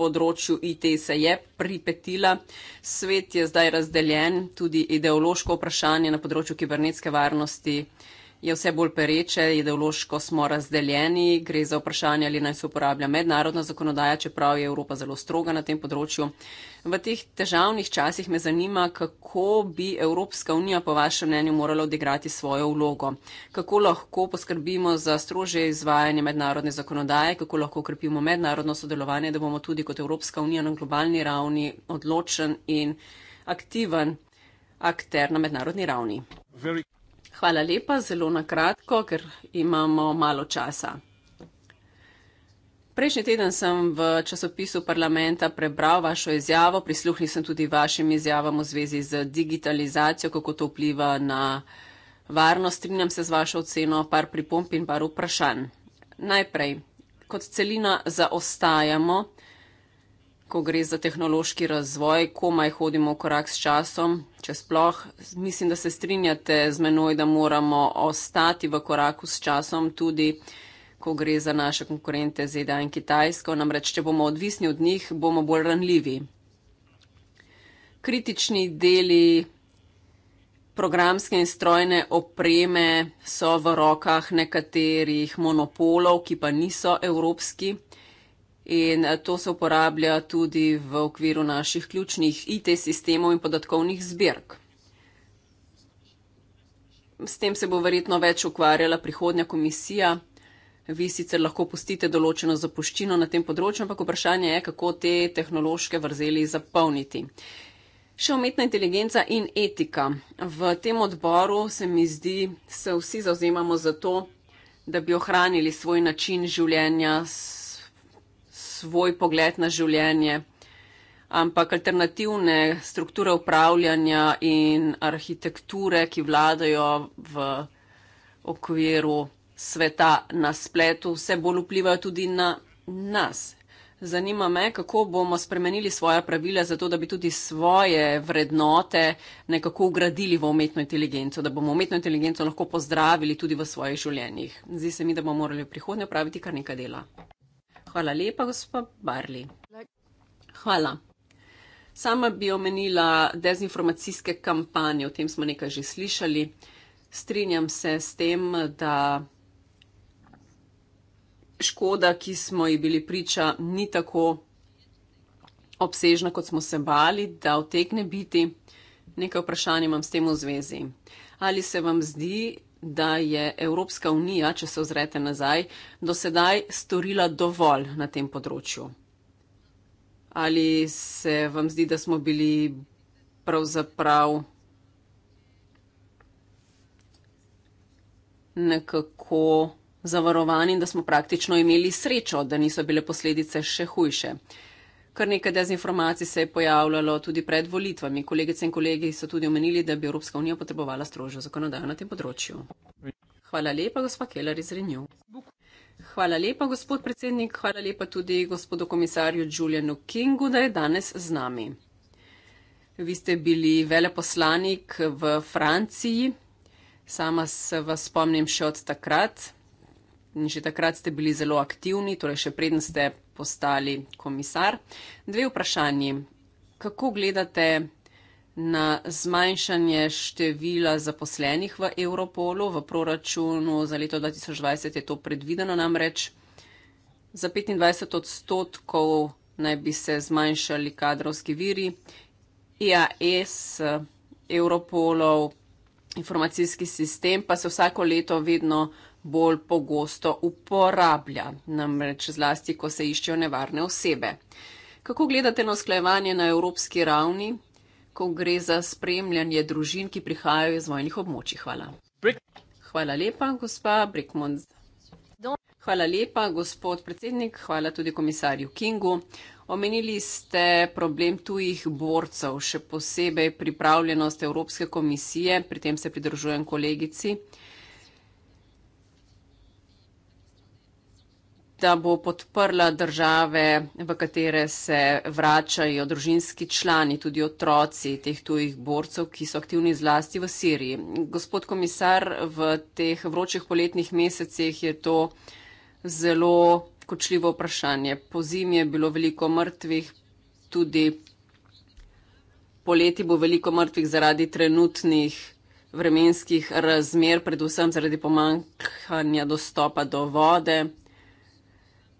področju IT se je pripetila. Svet je zdaj razdeljen, tudi ideološko vprašanje na področju kibernetske varnosti je vse bolj pereče, ideološko smo razdeljeni, gre za vprašanje, ali naj se uporablja mednarodna zakonodaja, čeprav je Evropa zelo stroga na tem področju. V teh težavnih časih me zanima, kako bi Evropska unija po vašem mnenju morala odigrati svojo vlogo. Kako lahko poskrbimo za strože izvajanje mednarodne zakonodaje, kako lahko okrepimo mednarodno sodelovanje, da bomo tudi kot Evropska unija na globalni ravni odločen in aktiven akter na mednarodni ravni. Very Hvala lepa, zelo na kratko, ker imamo malo časa. Prejšnji teden sem v časopisu parlamenta prebral vašo izjavo, prisluhnil sem tudi vašim izjavam v zvezi z digitalizacijo, kako to vpliva na varnost. Strinjam se z vašo oceno, par pripomp in par vprašanj. Najprej, kot celina zaostajamo ko gre za tehnološki razvoj, komaj hodimo korak s časom, če sploh. Mislim, da se strinjate z menoj, da moramo ostati v koraku s časom tudi, ko gre za naše konkurente ZDA in Kitajsko. Namreč, če bomo odvisni od njih, bomo bolj ranljivi. Kritični deli programske in strojne opreme so v rokah nekaterih monopolov, ki pa niso evropski in eh, to se uporablja tudi v okviru naših ključnih IT sistemov in podatkovnih zbirk. S tem se bo verjetno več ukvarjala prihodnja komisija. Vi sicer lahko pustite določeno zapuščino na tem področju, ampak vprašanje je, kako te tehnološke vrzeli zapolniti. Še umetna inteligenca in etika. V tem odboru se mi zdi, se vsi zauzemamo za to, da bi ohranili svoj način življenja, svoj pogled na življenje, ampak alternativne strukture upravljanja in arhitekture, ki vladajo v okviru sveta na spletu, vse bolj vplivajo tudi na nas. Zanima me, kako bomo spremenili svoje pravile, zato da bi tudi svoje vrednote nekako ugradili v umetno inteligenco, da bomo umetno inteligenco lahko pozdravili tudi v svojih življenjih. Zdi se mi, da bomo morali v prihodnje upraviti kar nekaj dela. Hvala lepa, gospod Barli. Hvala. Sama bi omenila dezinformacijske kampanje, o tem smo nekaj že slišali. Strinjam se s tem, da škoda, ki smo ji bili priča, ni tako obsežna, kot smo se bali, da otekne biti. Nekaj vprašanj imam s tem v zvezi. Ali se vam zdi, da je Evropska unija, če se ozrete nazaj, do sedaj storila dovolj na tem področju? Ali se vam zdi, da smo bili pravzaprav nekako zavarovani in da smo praktično imeli srečo, da niso bile posledice še hujše? kar nekaj dezinformacij se je pojavljalo tudi pred volitvami. Kolegice in kolegi so tudi omenili, da bi Evropska unija potrebovala strožjo zakonodajo na tem področju. Hvala lepa, gospa Keller iz Renew. Hvala lepa, gospod predsednik. Hvala lepa tudi gospodu komisarju Julianu Kingu, da je danes z nami. Vi ste bili veleposlanik v Franciji. Sama se vas spomnim še od takrat in že takrat ste bili zelo aktivni, torej še preden ste postali komisar. Dve vprašanji. Kako gledate na zmanjšanje števila zaposlenih v Europolu v proračunu za leto 2020? Je to predvideno namreč za 25 odstotkov naj bi se zmanjšali kadrovski viri. IAS, e Europolov informacijski sistem pa se vsako leto vedno bolj pogosto uporablja, namreč zlasti, ko se iščejo nevarne osebe. Kako gledate na usklajevanje na evropski ravni, ko gre za spremljanje družin, ki prihajajo iz vojnih območij? Hvala. Hvala lepa, gospa Brickmond. Hvala lepa, gospod predsednik. Hvala tudi komisarju Kingu. Omenili ste problem tujih borcev, še posebej pripravljenost Evropske komisije, pri tem se pridružujem kolegici. da bo podprla države, v katere se vračajo družinski člani, tudi otroci teh tujih borcev, ki so aktivni zlasti v Siriji. Gospod komisar, v teh vročih poletnih mesecih je to zelo kočljivo vprašanje. Po zimi je bilo veliko mrtvih, tudi poleti bo veliko mrtvih zaradi trenutnih vremenskih razmer, predvsem zaradi pomankanja dostopa do vode.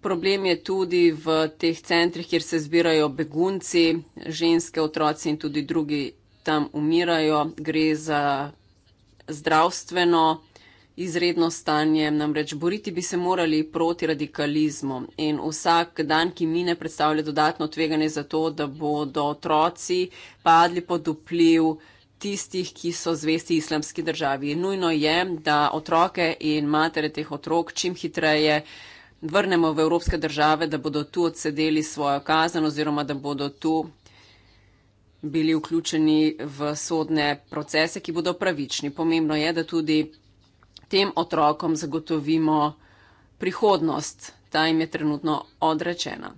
Problem je tudi v teh centrih, kjer se zbirajo begunci, ženske, otroci in tudi drugi tam umirajo. Gre za zdravstveno izredno stanje, namreč boriti bi se morali proti radikalizmu in vsak dan, ki mine, predstavlja dodatno tveganje za to, da bodo otroci padli pod vpliv tistih, ki so zvesti islamski državi. Nujno je, da otroke in matere teh otrok čim hitreje vrnemo v evropske države, da bodo tu odsedeli svojo kazen oziroma da bodo tu bili vključeni v sodne procese, ki bodo pravični. Pomembno je, da tudi tem otrokom zagotovimo prihodnost, ta jim je trenutno odrečena.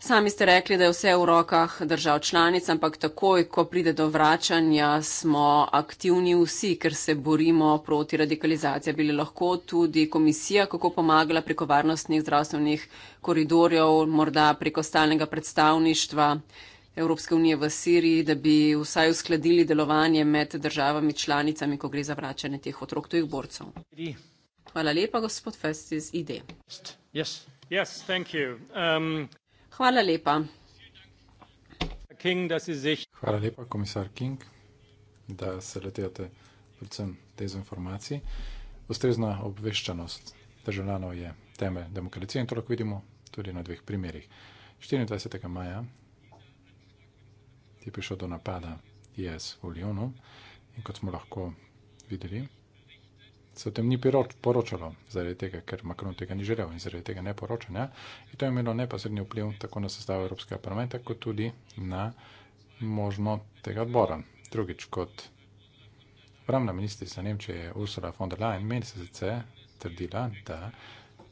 Sami ste rekli, da je vse v rokah držav članic, ampak takoj, ko pride do vračanja, smo aktivni vsi, ker se borimo proti radikalizaciji. Bili lahko tudi komisija, kako pomagala preko varnostnih zdravstvenih koridorjev, morda preko stalnega predstavništva Evropske unije v Siriji, da bi vsaj uskladili delovanje med državami članicami, ko gre za vračanje teh otrok tujih borcev. Hvala lepa, gospod Fest iz ID. Yes. Yes, Hvala lepa. King, sich... Hvala lepa, komisar King, da se letejate predvsem te informacije. Ustrezna obveščanost državljanov je temelj demokracije in to lahko vidimo tudi na dveh primerih. 24. maja je prišel do napada IS v Lyonu in kot smo lahko videli, se o tem ni poročalo, zaradi tega, ker Macron tega ni želel in zaradi tega ne poroča. Ne? In to je imelo neposredni vpliv tako na sestavo Evropskega parlamenta, kot tudi na možno tega odbora. Drugič, kot pravna ministrica Nemčije je Ursula von der Leyen, meni se sicer trdila, da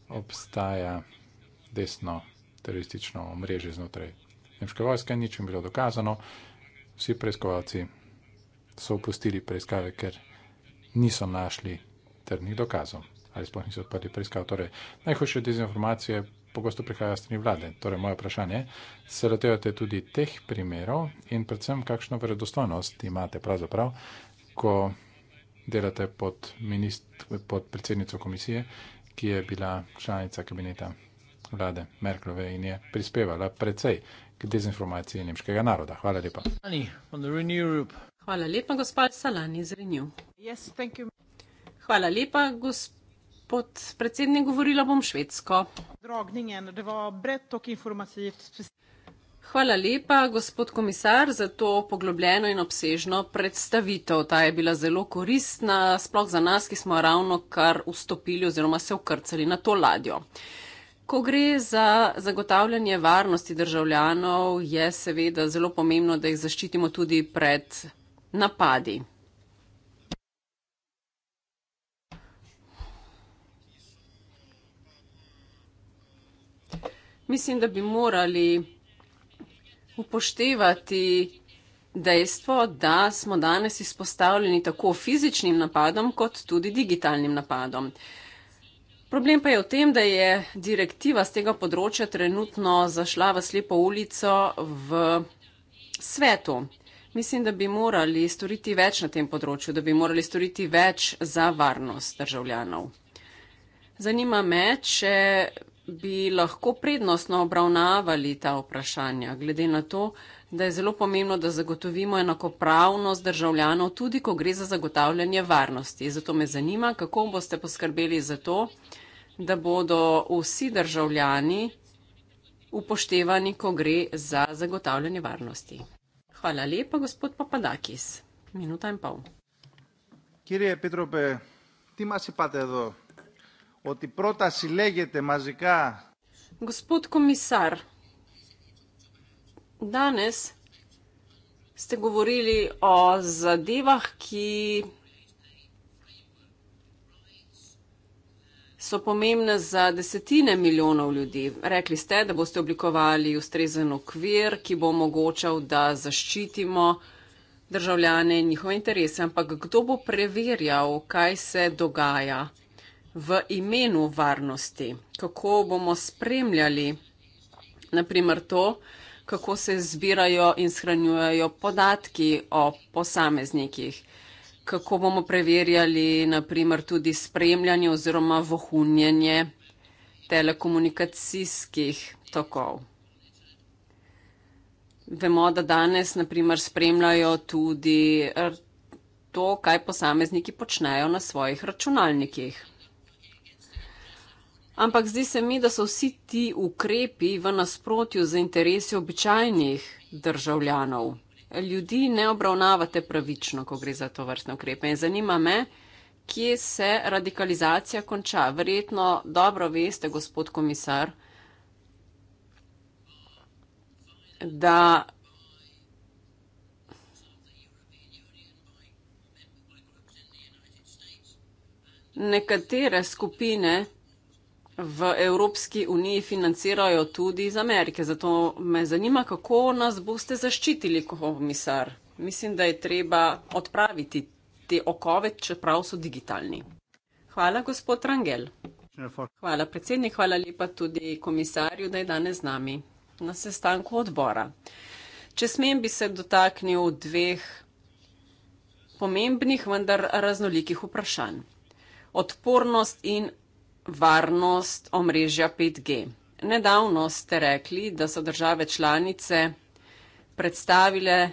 obstaja desno teroristično omrežje znotraj nemške vojske, nič jim bilo dokazano, vsi preiskovalci so opustili preiskave, ker niso našli ter ni dokazov. Ali sploh niso odprti preiskav. Torej, najhujše dezinformacije pogosto prihajajo strani vlade. Torej, moje vprašanje, se lotevate tudi teh primerov in predvsem kakšno verodostojnost imate pravzaprav, ko delate pod, minist, pod predsednico komisije, ki je bila članica kabineta vlade Merklove in je prispevala precej k dezinformaciji nemškega naroda. Hvala lepa. Hvala lepa, gospod Salani iz Renew. Yes, Hvala lepa, gospod predsednik. Govorila bom švedsko. Hvala lepa, gospod komisar, za to poglobljeno in obsežno predstavitev. Ta je bila zelo koristna, sploh za nas, ki smo ravno kar vstopili oziroma se ukrcali na to ladjo. Ko gre za zagotavljanje varnosti državljanov, je seveda zelo pomembno, da jih zaščitimo tudi pred napadi. mislim, da bi morali upoštevati dejstvo, da smo danes izpostavljeni tako fizičnim napadom, kot tudi digitalnim napadom. Problem pa je v tem, da je direktiva z tega področja trenutno zašla v slepo ulico v svetu. Mislim, da bi morali storiti več na tem področju, da bi morali storiti več za varnost državljanov. Zanima me, če bi lahko prednostno obravnavali ta vprašanja, glede na to, da je zelo pomembno, da zagotovimo enakopravnost državljanov, tudi ko gre za zagotavljanje varnosti. Zato me zanima, kako boste poskrbeli za to, da bodo vsi državljani upoštevani, ko gre za zagotavljanje varnosti. Hvala lepa, gospod Papadakis. Minuta in pol. Kjer je Petrope? Ti imaš pa te do ότι πρόταση λέγεται μαζικά. Γκοσπούτ κομισάρ, δάνες στην κουβουρίλη ο Ζαντίβαχ και so pomembne za desetine milijonov ljudi. Rekli ste, da boste oblikovali ustrezen okvir, ki bo omogočal, da zaščitimo državljane in njihove interese. Ampak kdo bo preverjal, kaj se dogaja? v imenu varnosti, kako bomo spremljali naprimer to, kako se zbirajo in shranjujejo podatki o posameznikih, kako bomo preverjali naprimer tudi spremljanje oziroma vohunjenje telekomunikacijskih tokov. Vemo, da danes naprimer spremljajo tudi eh, to, kaj posamezniki počnejo na svojih računalnikih. Ampak zdi se mi, da so vsi ti ukrepi v nasprotju z interesi običajnih državljanov. Ljudi ne obravnavate pravično, ko gre za to vrstne ukrepe. In zanima me, kje se radikalizacija konča. Verjetno dobro veste, gospod komisar, da. Nekatere skupine v Evropski uniji financirajo tudi iz Amerike. Zato me zanima, kako nas boste zaščitili, komisar. Mislim, da je treba odpraviti te okove, čeprav so digitalni. Hvala, gospod Rangel. Hvala, predsednik. Hvala lepa tudi komisarju, da je danes z nami na sestanku odbora. Če smem, bi se dotaknil dveh pomembnih, vendar raznolikih vprašanj. Odpornost in varnost omrežja 5G. Nedavno ste rekli, da so države članice predstavile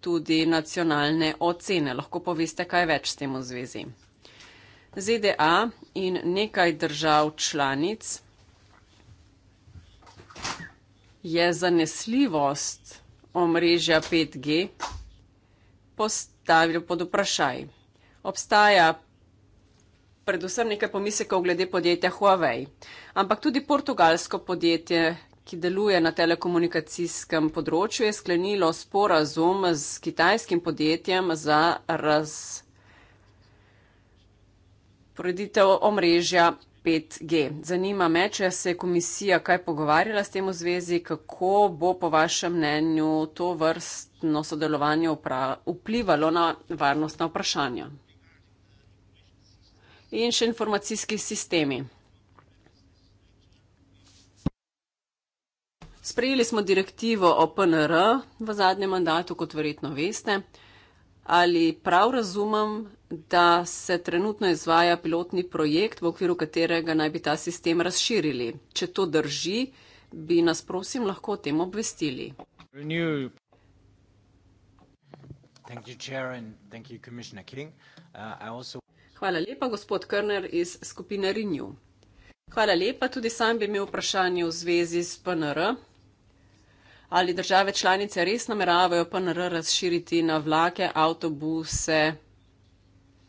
tudi nacionalne ocene. Lahko poveste kaj več s tem v zvezi. ZDA in nekaj držav članic je zanesljivost omrežja 5G postavil pod vprašaj. Obstaja predvsem nekaj pomislekov glede podjetja Huawei. Ampak tudi portugalsko podjetje, ki deluje na telekomunikacijskem področju, je sklenilo sporazum z kitajskim podjetjem za razporeditev omrežja 5G. Zanima me, če se je komisija kaj pogovarjala s tem v zvezi, kako bo po vašem mnenju to vrstno sodelovanje vplivalo na varnostna vprašanja in še informacijski sistemi. Sprejeli smo direktivo o PNR v zadnjem mandatu, kot verjetno veste. Ali prav razumem, da se trenutno izvaja pilotni projekt, v okviru katerega naj bi ta sistem razširili? Če to drži, bi nas prosim lahko o tem obvestili. Renew. Thank you, Chair, and thank you, Commissioner King. Uh, I also Hvala lepa, gospod Krner iz skupine Rinju. Hvala lepa, tudi sam bi imel vprašanje v zvezi s PNR. Ali države članice res nameravajo PNR razširiti na vlake, avtobuse,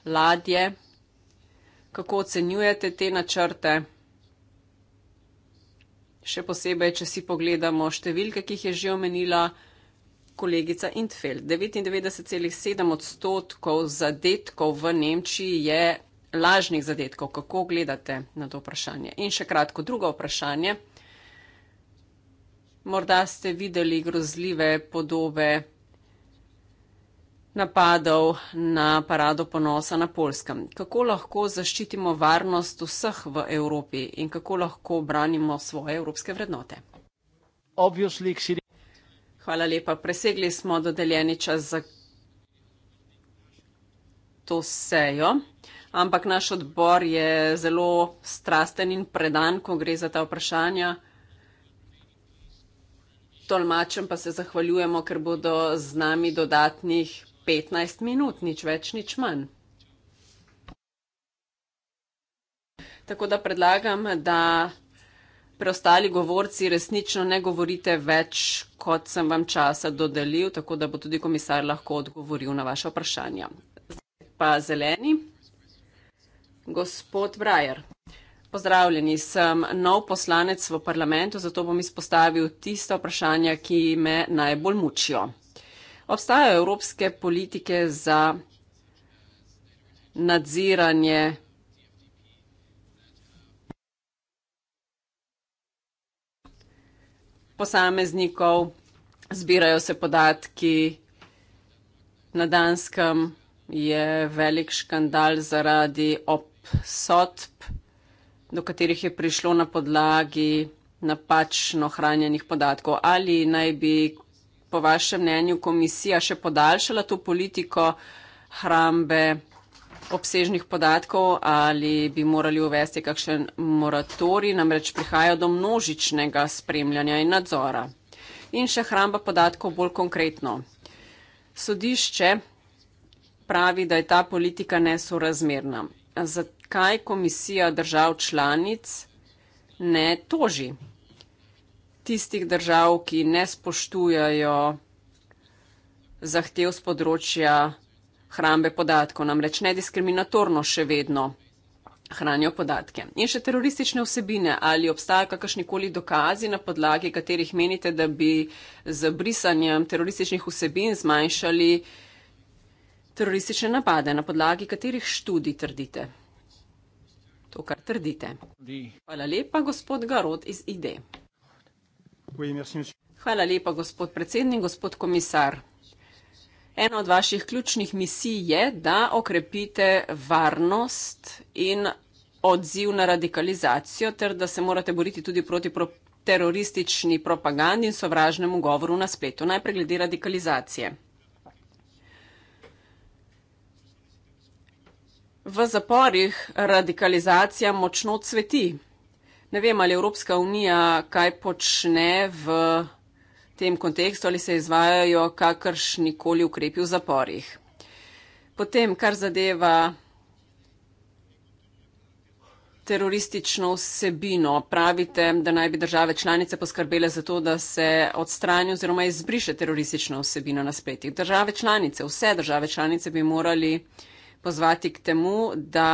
ladje? Kako ocenjujete te načrte? Še posebej, če si pogledamo številke, ki jih je že omenila kolegica Intfeld. 99,7 odstotkov zadetkov v Nemčiji je lažnih zadetkov. Kako gledate na to vprašanje? In še kratko, drugo vprašanje. Morda ste videli grozljive podobe napadov na parado ponosa na Polskem. Kako lahko zaščitimo varnost vseh v Evropi in kako lahko branimo svoje evropske vrednote? Obviously, Hvala lepa. Presegli smo dodeljeni čas za to sejo, ampak naš odbor je zelo strasten in predan, ko gre za ta vprašanja. Tolmačem pa se zahvaljujemo, ker bodo z nami dodatnih 15 minut, nič več, nič manj. Tako da predlagam, da preostali govorci resnično ne govorite več, kot sem vam časa dodelil, tako da bo tudi komisar lahko odgovoril na vaše vprašanja. Zdaj pa zeleni. Gospod Brajer, pozdravljeni, sem nov poslanec v parlamentu, zato bom izpostavil tiste vprašanja, ki me najbolj mučijo. Obstajajo evropske politike za nadziranje posameznikov, zbirajo se podatki. Na Danskem je velik škandal zaradi obsodb, do katerih je prišlo na podlagi napačno hranjenih podatkov. Ali naj bi, po vašem mnenju, komisija še podaljšala to politiko hrambe? obsežnih podatkov ali bi morali uvesti kakšen moratori, namreč prihaja do množičnega spremljanja in nadzora. In še hramba podatkov bolj konkretno. Sodišče pravi, da je ta politika nesorazmerna. Zakaj komisija držav članic ne toži tistih držav, ki ne spoštujajo zahtev z področja hrambe podatkov, namreč nediskriminatorno še vedno hranijo podatke. In še teroristične vsebine, ali obstaja kakršnikoli dokazi, na podlagi katerih menite, da bi z brisanjem terorističnih vsebin zmanjšali teroristične napade, na podlagi katerih študij trdite. To, kar trdite. Hvala lepa, gospod Garot iz ID. Hvala lepa, gospod predsednik, gospod komisar. Ena od vaših ključnih misij je, da okrepite varnost in odziv na radikalizacijo, ter da se morate boriti tudi proti pro teroristični propagandi in sovražnemu govoru na spletu. Najprej glede radikalizacije. V zaporih radikalizacija močno cveti. Ne vem, ali Evropska unija kaj počne v tem kontekstu ali se izvajajo kakršnikoli ukrepi v zaporih. Potem, kar zadeva teroristično vsebino, pravite, da naj bi države članice poskrbele za to, da se odstrani oziroma izbriše teroristično vsebino na spletih. Države članice, vse države članice bi morali pozvati k temu, da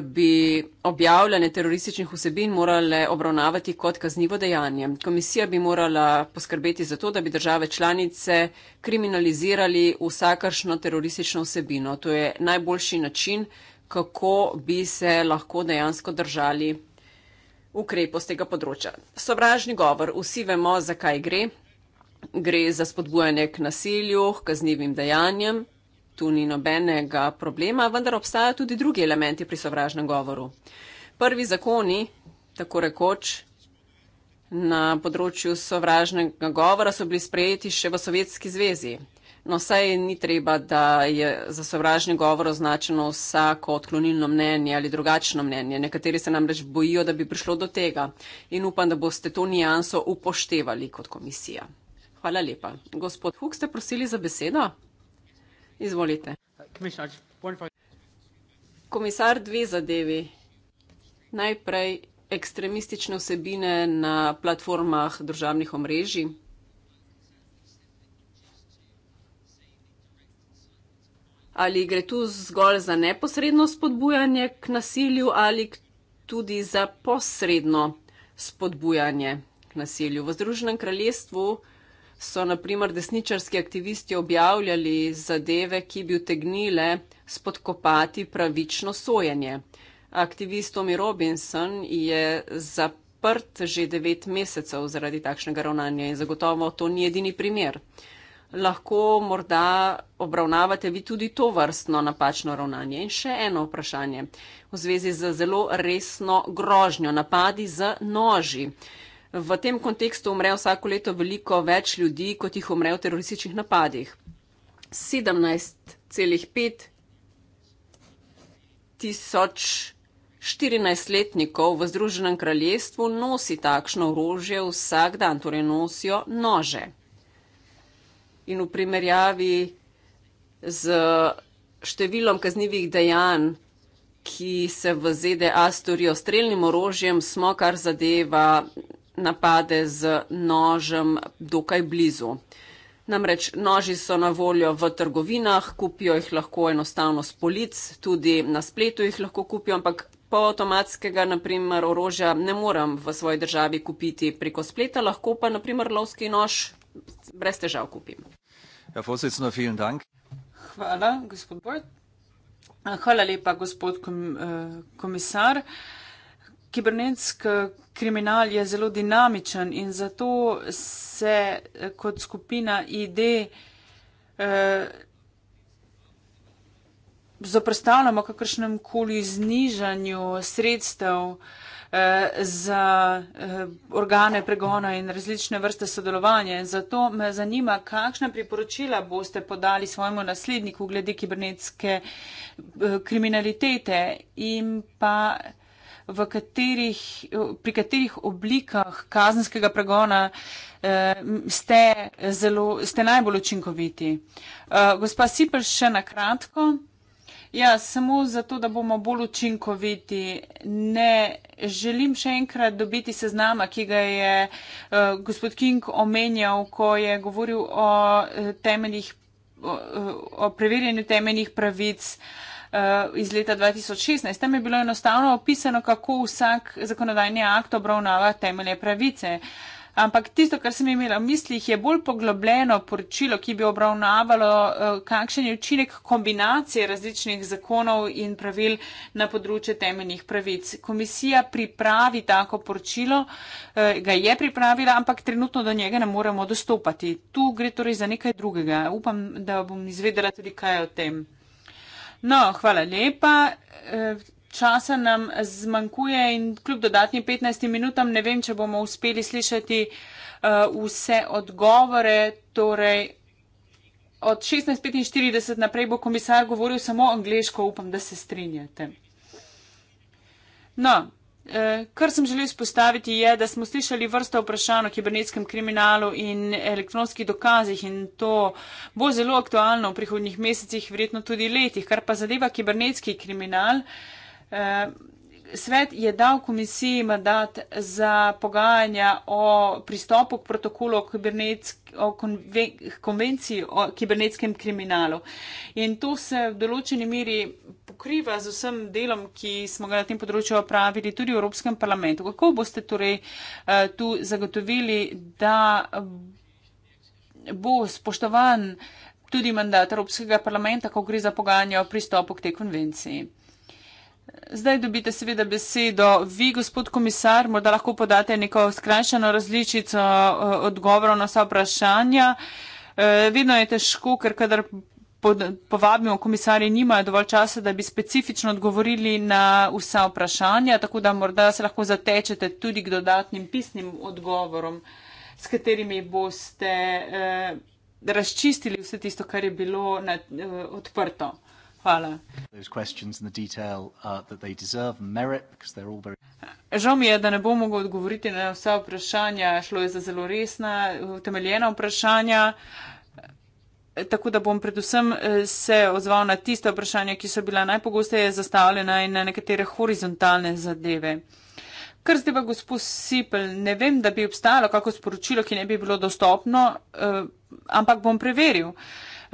bi objavljanje terorističnih vsebin morale obravnavati kot kaznivo dejanje. Komisija bi morala poskrbeti za to, da bi države članice kriminalizirali vsakršno teroristično vsebino. To je najboljši način, kako bi se lahko dejansko držali ukrepov z tega področja. Sovražni govor, vsi vemo, zakaj gre. Gre za spodbujanje k nasilju, k kaznivim dejanjem, tu ni nobenega problema, vendar obstajajo tudi drugi elementi pri sovražnem govoru. Prvi zakoni, tako rekoč, na področju sovražnega govora so bili sprejeti še v Sovjetski zvezi. No, saj ni treba, da je za sovražni govor označeno vsako odklonilno mnenje ali drugačno mnenje. Nekateri se namreč bojijo, da bi prišlo do tega in upam, da boste to nijanso upoštevali kot komisija. Hvala lepa. Gospod Huk, ste prosili za besedo? Izvolite. Komisar, dve zadevi. Najprej ekstremistične vsebine na platformah državnih omrežij. Ali gre tu zgolj za neposredno spodbujanje k nasilju ali tudi za posredno spodbujanje k nasilju? V Združenem kraljestvu so naprimer desničarski aktivisti objavljali zadeve, ki bi utegnile spodkopati pravično sojenje. Aktivist Tommy Robinson je zaprt že devet mesecev zaradi takšnega ravnanja in zagotovo to ni edini primer. Lahko morda obravnavate vi tudi to vrstno napačno ravnanje. In še eno vprašanje v zvezi z zelo resno grožnjo napadi z noži. Uh, V tem kontekstu umre vsako leto veliko več ljudi, kot jih umre v terorističnih napadih. 17,5 tisoč 14-letnikov v Združenem kraljestvu nosi takšno orožje vsak dan, torej nosijo nože. In v primerjavi z številom kaznivih dejanj, ki se v ZDA storijo streljnim orožjem, smo kar zadeva napade z nožem dokaj blizu. Namreč noži so na voljo v trgovinah, kupijo jih lahko enostavno s polic, tudi na spletu jih lahko kupijo, ampak pa avtomatskega, naprimer, orožja ne morem v svoji državi kupiti preko spleta, lahko pa, naprimer, lovski nož brez težav kupim. Ja, posledno, fin dank. Hvala, gospod Bojt. Hvala lepa, gospod kom, eh, komisar kibernetski kriminal je zelo dinamičen in zato se eh, kot skupina ID eh, zaprstavljamo kakršnem koli znižanju sredstev eh, za eh, organe pregona in različne vrste sodelovanja. In zato me zanima, kakšna priporočila boste podali svojemu nasledniku glede kibernetske eh, kriminalitete in pa katerih, pri katerih oblikah kazenskega pregona eh, ste, zelo, ste najbolj učinkoviti. Eh, gospa Sipr, še na kratko. Ja, samo zato, da bomo bolj učinkoviti, ne želim še enkrat dobiti seznama, ki ga je uh, gospod King omenjal, ko je govoril o, eh, o, eh, o preverjanju temeljnih pravic uh, Eh, iz leta 2016. Tam je bilo enostavno opisano, kako vsak zakonodajni akt obravnava temelje pravice. Ampak tisto, kar sem imela v mislih, je bolj poglobljeno poročilo, ki bi obravnavalo, eh, kakšen je učinek kombinacije različnih zakonov in pravil na področju temeljnih pravic. Komisija pripravi tako poročilo, eh, ga je pripravila, ampak trenutno do njega ne moremo dostopati. Tu gre torej za nekaj drugega. Upam, da bom izvedela tudi kaj o tem. No, hvala lepa. E, časa nam zmanjkuje in kljub dodatnim 15 minutam ne vem, če bomo uspeli slišati e, vse odgovore. Torej, od 16.45 naprej bo komisar govoril samo angliško, upam, da se strinjate. No, Uh, kar sem želel izpostaviti je, da smo slišali vrsta vprašanj o kibernetskem kriminalu in elektronskih dokazih in to bo zelo aktualno v prihodnjih mesecih, verjetno tudi letih. Kar pa zadeva kibernetski kriminal, uh, svet je dal komisiji mandat za pogajanja o pristopu k protokolu o konvenciji o kibernetskem kriminalu. In to se v določeni miri pokriva z vsem delom, ki smo ga na tem področju opravili tudi v Evropskem parlamentu. Kako boste torej eh, tu zagotovili, da bo spoštovan tudi mandat Evropskega parlamenta, ko gre za pogajanja o pristopu k tej konvenciji? Zdaj dobite seveda besedo. Vi, gospod komisar, morda lahko podate neko skrajšano različico eh, odgovorov na vsa vprašanja. Eh, vedno je težko, ker kadar povabimo komisarje, nimajo dovolj časa, da bi specifično odgovorili na vsa vprašanja, tako da morda se lahko zatečete tudi k dodatnim pisnim odgovorom, s katerimi boste eh, razčistili vse tisto, kar je bilo odprto. Hvala. Uh, Žal mi je, da ne bom mogel odgovoriti na vsa vprašanja. Šlo je za zelo resna, utemeljena vprašanja. Tako da bom predvsem eh, se ozval na tiste vprašanja, ki so bila najpogosteje zastavljena in na nekatere horizontalne zadeve. Kar zdaj pa gospod Sipel, ne vem, da bi obstajalo kako sporočilo, ki ne bi bilo dostopno, eh, ampak bom preveril.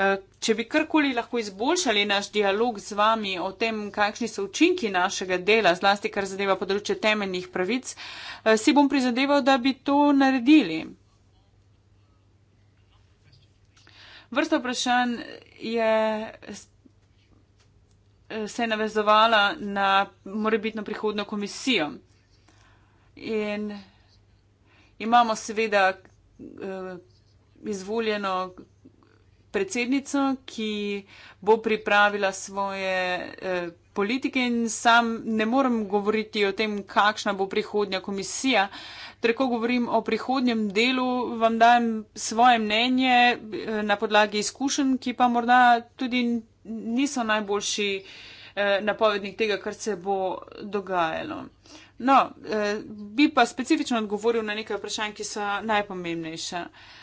Eh, če bi karkoli lahko izboljšali naš dialog z vami o tem, kakšni so učinki našega dela, zlasti kar zadeva področje temeljnih pravic, eh, si bom prizadeval, da bi to naredili. Vrsta vprašanj je, eh, se je navezovala na morebitno prihodno komisijo. In imamo seveda izvoljeno predsednico, ki bo pripravila svoje eh, politike in sam ne morem govoriti o tem, kakšna bo prihodnja komisija. Torej, ko govorim o prihodnjem delu, vam dajem svoje mnenje eh, na podlagi izkušenj, ki pa morda tudi niso najboljši eh, napovednik tega, kar se bo dogajalo. No, eh, bi pa specifično odgovoril na nekaj vprašanj, ki so najpomembnejša. Eh,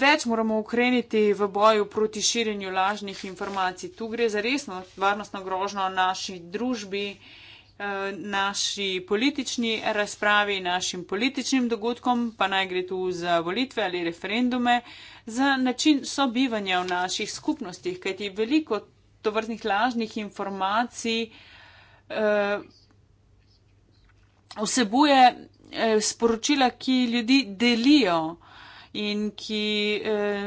Več moramo ukreniti v boju proti širjenju lažnih informacij. Tu gre za resno varnostno grožno naši družbi, eh, naši politični razpravi, našim političnim dogodkom, pa naj gre tu za volitve ali referendume, za način sobivanja v naših skupnostih, kajti veliko tovrstnih lažnih informacij eh, vsebuje eh, sporočila, ki ljudi delijo in ki eh,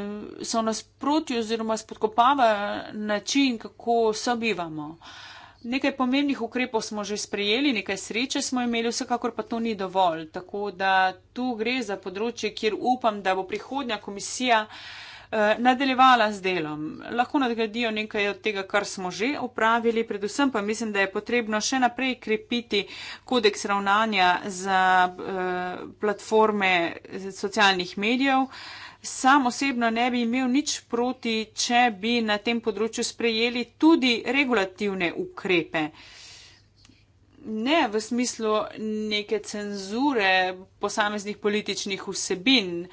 so nasprotju oziroma spodkopavajo način, kako sobivamo. Nekaj pomembnih ukrepov smo že sprejeli, nekaj sreče smo imeli, vsekakor pa to ni dovolj. Tako da tu gre za področje, kjer upam, da bo prihodnja komisija eh, Eh, nadaljevala z delom. Lahko nadgradijo nekaj od tega, kar smo že upravili, predvsem pa mislim, da je potrebno še naprej krepiti kodeks ravnanja za eh, platforme socialnih medijev. Sam osebno ne bi imel nič proti, če bi na tem področju sprejeli tudi regulativne ukrepe. Ne v smislu neke cenzure posameznih političnih vsebin,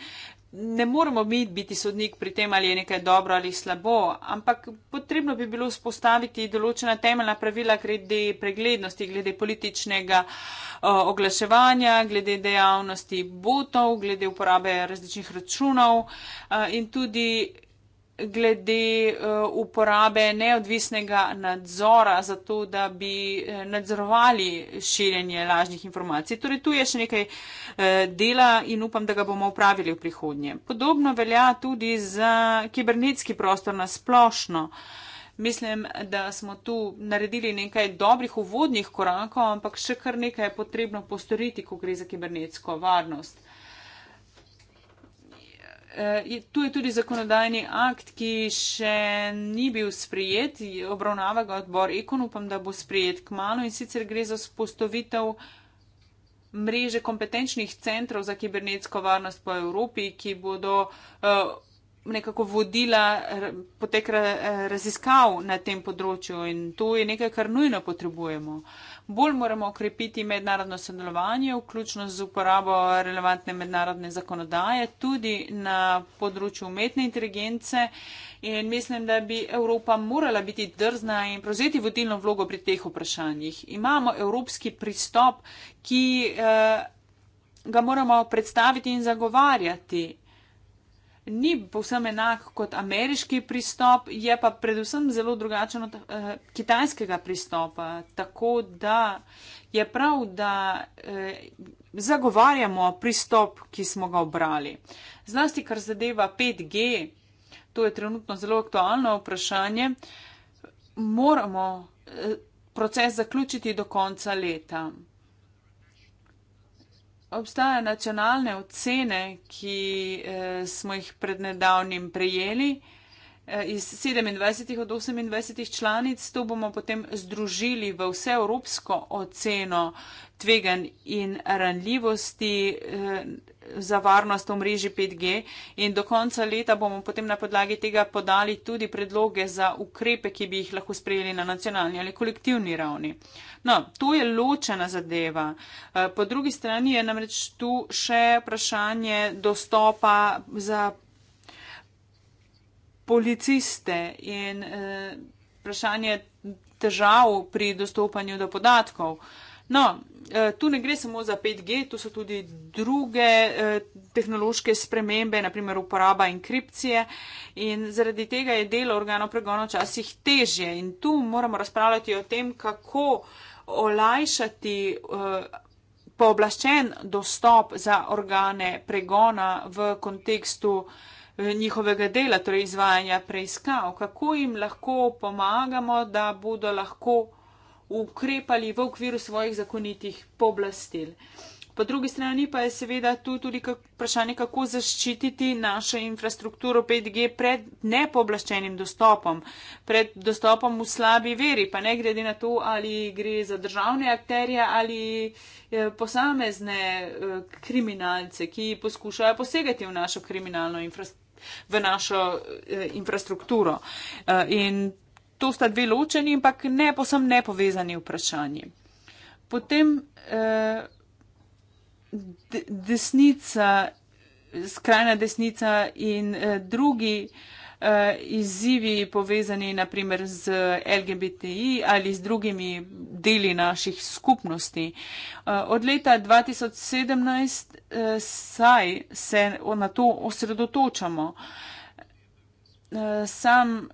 ne moremo mi biti sodnik pri tem, ali je nekaj dobro ali slabo, ampak potrebno bi bilo spostaviti določena temeljna pravila glede preglednosti, glede političnega eh, oglaševanja, glede dejavnosti botov, glede uporabe različnih računov eh, in tudi glede eh, uporabe neodvisnega nadzora za to, da bi eh, nadzorovali širjenje lažnih informacij. Torej, tu je še nekaj eh, dela in upam, da ga bomo upravili v prihodnje. Podobno velja tudi za kibernetski prostor na splošno. Mislim, da smo tu naredili nekaj dobrih uvodnih korakov, ampak še kar nekaj je potrebno postoriti, ko gre za kibernetsko varnost. Eh, tu je tudi zakonodajni akt, ki še ni bil sprejet, obravnava ga odbor Ekon, upam, da bo sprejet k malu in sicer gre za spostavitev mreže kompetenčnih centrov za kibernetsko varnost po Evropi, ki bodo uh, nekako vodila eh, potek eh, raziskav na tem področju in to je nekaj, kar nujno potrebujemo. Bolj moramo okrepiti mednarodno sodelovanje, vključno z uporabo relevantne mednarodne zakonodaje, tudi na področju umetne inteligence. In mislim, da bi Evropa morala biti drzna in prevzeti vodilno vlogo pri teh vprašanjih. Imamo evropski pristop, ki. Eh, ga moramo predstaviti in zagovarjati ni povsem enak kot ameriški pristop, je pa predvsem zelo drugačen od uh, kitajskega pristopa. Tako da je prav, da uh, zagovarjamo pristop, ki smo ga obrali. Zlasti, kar zadeva 5G, to je trenutno zelo aktualno vprašanje, moramo uh, proces zaključiti do konca leta obstajajo nacionalne ocene, ki eh, smo jih prednedavnim prejeli, eh, Eh, iz 27 od 28 članic, to bomo potem združili v vseevropsko oceno tvegan in ranljivosti eh, za varnost v mreži 5G in do konca leta bomo potem na podlagi tega podali tudi predloge za ukrepe, ki bi jih lahko sprejeli na nacionalni ali kolektivni ravni. No, to je ločena zadeva. Eh, po drugi strani je namreč tu še vprašanje dostopa za policiste in eh, vprašanje težav pri dostopanju do podatkov. No, eh, tu ne gre samo za 5G, tu so tudi druge eh, tehnološke spremembe, naprimer uporaba inkripcije in zaradi tega je delo organov pregona včasih težje in tu moramo razpravljati o tem, kako olajšati. Eh, Pooblaščen dostop za organe pregona v kontekstu uh, njihovega dela, torej izvajanja preiskav, kako jim lahko pomagamo, da bodo lahko ukrepali v okviru svojih zakonitih pooblastil. Po drugi strani pa je seveda tu tudi vprašanje, kako zaščititi našo infrastrukturo 5G pred nepoblaščenim dostopom, pred dostopom v slabi veri, pa ne glede na to, ali gre za državne akterje ali eh, posamezne eh, kriminalce, ki poskušajo posegati v našo kriminalno infrastrukturo v našo eh, infrastrukturo. Eh, in to sta dve ločeni, ampak ne posem nepovezani vprašanji. Potem eh, desnica, skrajna desnica in eh, drugi. Eh, Eh, izzivi povezani naprimer z LGBTI ali z drugimi deli naših skupnosti. Eh, od leta 2017 eh, saj se na to osredotočamo. Sam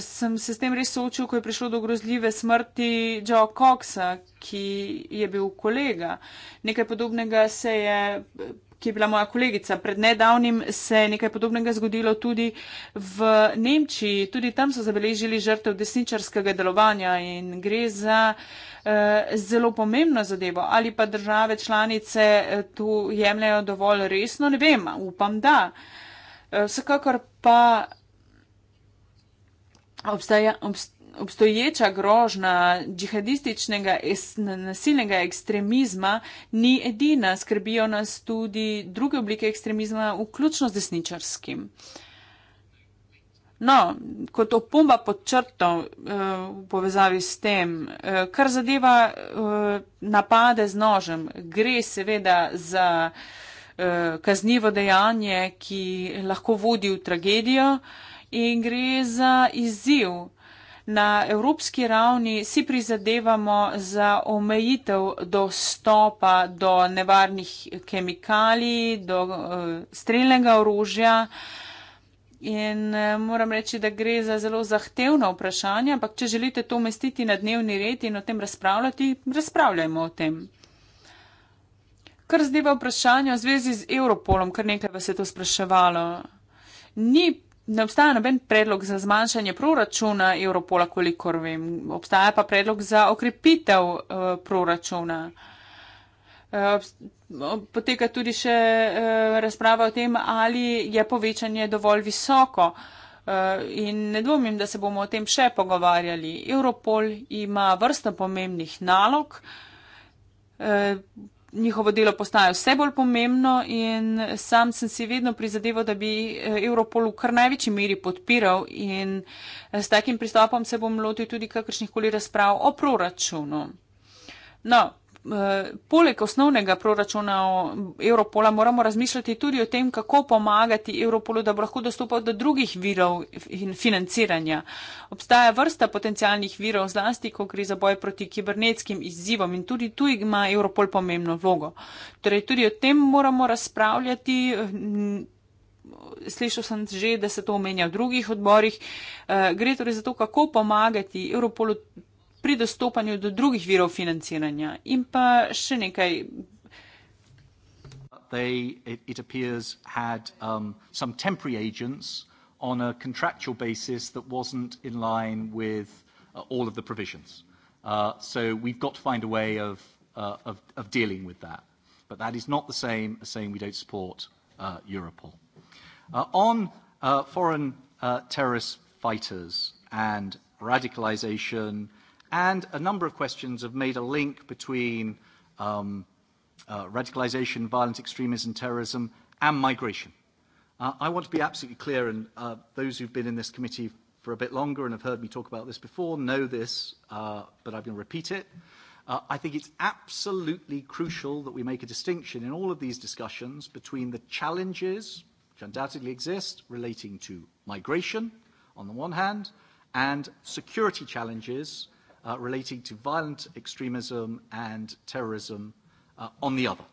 sem se s tem res soočil, ko je prišlo do grozljive smrti Joe Coxa, ki je bil kolega. Nekaj podobnega se je ki je bila moja kolegica. Pred nedavnim se je nekaj podobnega zgodilo tudi v Nemčiji. Tudi tam so zabeležili žrtev desničarskega delovanja in gre za eh, zelo pomembno zadevo. Ali pa države članice eh, tu jemljajo dovolj resno, ne vem, upam, da. Eh, vsekakor pa obstaja, obst, obstoječa grožna džihadističnega es, nasilnega ekstremizma ni edina. Skrbijo nas tudi druge oblike ekstremizma, vključno z desničarskim. No, kot opomba pod črto eh, v eh, povezavi s tem, eh, kar zadeva eh, napade z nožem, gre seveda za eh, kaznivo dejanje, ki lahko vodi v tragedijo. Eh, in gre za izziv. Na evropski ravni si prizadevamo za omejitev dostopa do nevarnih kemikalij, do eh, streljnega orožja. In eh, moram reči, da gre za zelo zahtevna vprašanja, ampak če želite to umestiti na dnevni red in o tem razpravljati, razpravljajmo o tem. Kar zdaj v vprašanju v zvezi z Europolom, kar nekaj vas je to spraševalo. Ni Ne obstaja noben predlog za zmanjšanje proračuna Evropola, kolikor vem. Obstaja pa predlog za okrepitev uh, proračuna. Eh, poteka tudi še eh, razprava o tem, ali je povečanje dovolj visoko in ne dvomim, da se bomo o tem še pogovarjali. Europol ima vrsto pomembnih nalog, njihovo delo postaja vse bolj pomembno in sam sem si vedno prizadeval, da bi eh, Europol v kar največji meri podpiral in eh, s takim pristopom se bom lotil tudi kakršnih koli razprav o proračunu. No, Eh, poleg osnovnega proračuna Evropola moramo razmišljati tudi o tem, kako pomagati Evropolu, da bo lahko dostopal do drugih virov in financiranja. Obstaja vrsta potencijalnih virov, zlasti, ko gre za boj proti kibernetskim izzivom in tudi tu ima Evropol pomembno vlogo. Torej, tudi o tem moramo razpravljati. Eh, slišal sem že, da se to omenja v drugih odborih. Eh, gre torej za to, kako pomagati Evropolu pri dostopanju do drugih virov financiranja in pa še nekaj. They, it, it appears, had um, some temporary agents on a contractual basis that wasn't in line with uh, all of the provisions. Uh, so we've got to find a way of, uh, of, of dealing with that. But that is not the same as saying we don't support uh, Europol. Uh, on uh, foreign uh, terrorist fighters and radicalization, uh, and a number of questions have made a link between um, uh, radicalization, violent extremism, terrorism, and migration. Uh, I want to be absolutely clear, and uh, those who've been in this committee for a bit longer and have heard me talk about this before know this, uh, but I'm going to repeat it. Uh, I think it's absolutely crucial that we make a distinction in all of these discussions between the challenges, which undoubtedly exist, relating to migration on the one hand, and security challenges uh, uh, relating to violent extremism and terrorism uh, on the other.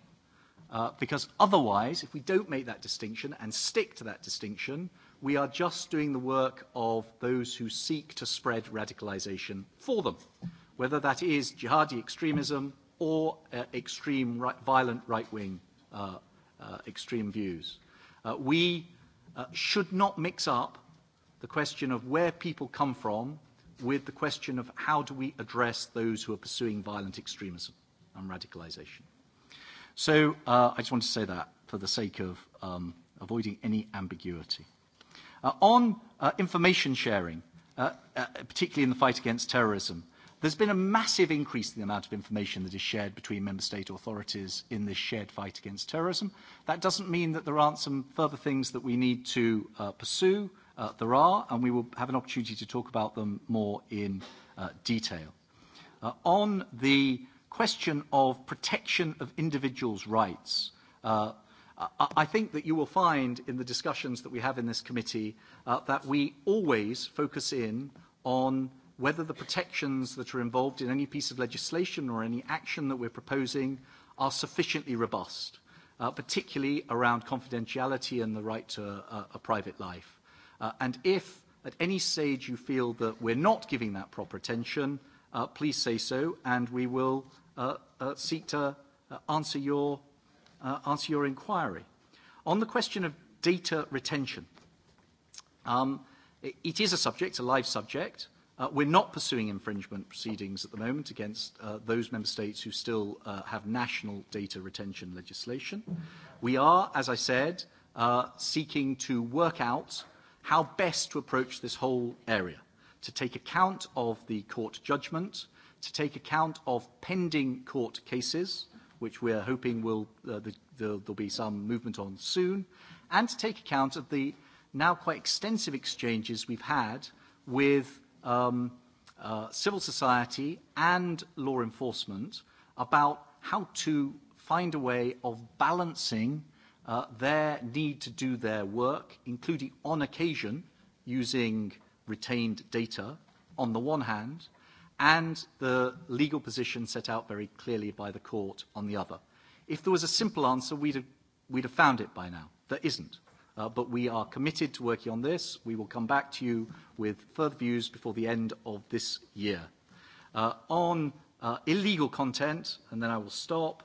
Uh, because otherwise, if we don't make that distinction and stick to that distinction, we are just doing the work of those who seek to spread radicalization for them, whether that is jihadi extremism or uh, extreme right, violent right wing uh, uh, extreme views. Uh, we uh, should not mix up the question of where people come from with the question of how do we address those who are pursuing violent extremism and radicalization. So uh, I just want to say that for the sake of um, avoiding any ambiguity. Uh, on uh, information sharing, uh, uh, particularly in the fight against terrorism, there's been a massive increase in the amount of information that is shared between member state authorities in this shared fight against terrorism. That doesn't mean that there aren't some further things that we need to uh, pursue. Uh, Uh, there are, and we will have an opportunity to talk about them more in uh, detail. Uh, on the question of protection of individuals' rights, I think that you will find in the discussions that we have in this committee that we always focus in on whether the protections that are involved in any piece of legislation or any action that we're proposing are sufficiently robust, particularly around confidentiality and the right to a private life. Uh, and if at any stage you feel that we're not giving that proper attention, uh, please say so, and we will uh, uh, seek to uh, answer, your, uh, answer your inquiry. On the question of data retention, um, it, it is a subject, a live subject. Uh, we're not pursuing infringement proceedings at the moment against uh, those member states who still uh, have national data retention legislation. We are, as I said, uh, seeking to work out uh, how best to approach this whole area to take account of the court judgment, to take account of pending court cases, which we're hoping will, uh, the, the, there'll be some movement on soon, and to take account of the now quite extensive exchanges we've had with um, uh, civil society and law enforcement about how to find a way of balancing Uh, their need to do their work, including on occasion using retained data on the one hand, and the legal position set out very clearly by the court on the other. If there was a simple answer, we'd have found it by now. There isn't. Uh, we are committed to working on this. We will come back to you with further views before the end of this year. Uh, on illegal content, and then I will stop,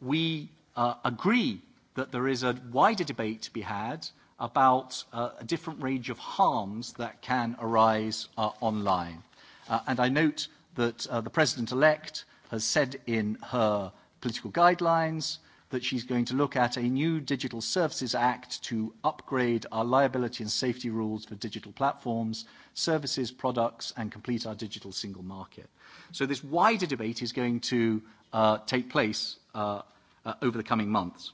we agree that there is a wider debate to be had about uh, a different range of harms that can arise uh, online. Uh, and I note that uh, the president elect has said in her political guidelines that she's going to look at a new Digital Services Act to upgrade our liability and safety rules for digital platforms, services, products, and complete our digital single market. So this wider debate is going to uh, take place uh, uh, over the coming months.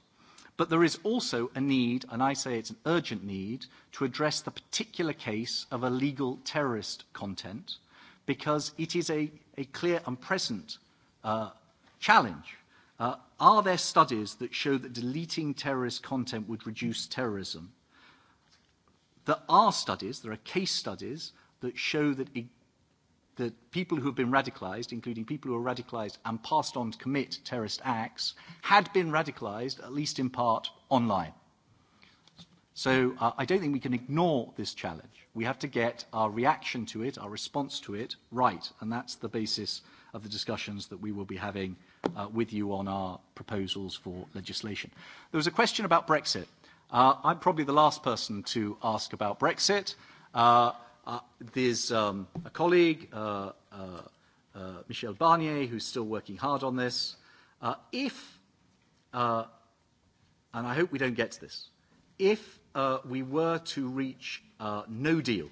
But there is also a need, and I say it's an urgent need, to address the particular case of illegal terrorist content because it is a, a clear and present uh, challenge. Uh, are there studies that show that deleting terrorist content would reduce terrorism? There are studies, there are case studies that show that it that people who have been radicalized, including people who are radicalized and passed on to commit terrorist acts, had been radicalized, at least in part, online. So uh, I don't think we can ignore this challenge. We have to get our reaction to it, our response to it, right. And that's the basis of the discussions that we will be having uh, with you on our proposals for legislation. There was a question about Brexit. Uh, I'm probably the last person to ask about Brexit. Uh, Uh, there's um, a colleague, uh, uh, Michel Barnier, who's still working hard on this. If, and I hope we don't get to this, if we were to reach no deal,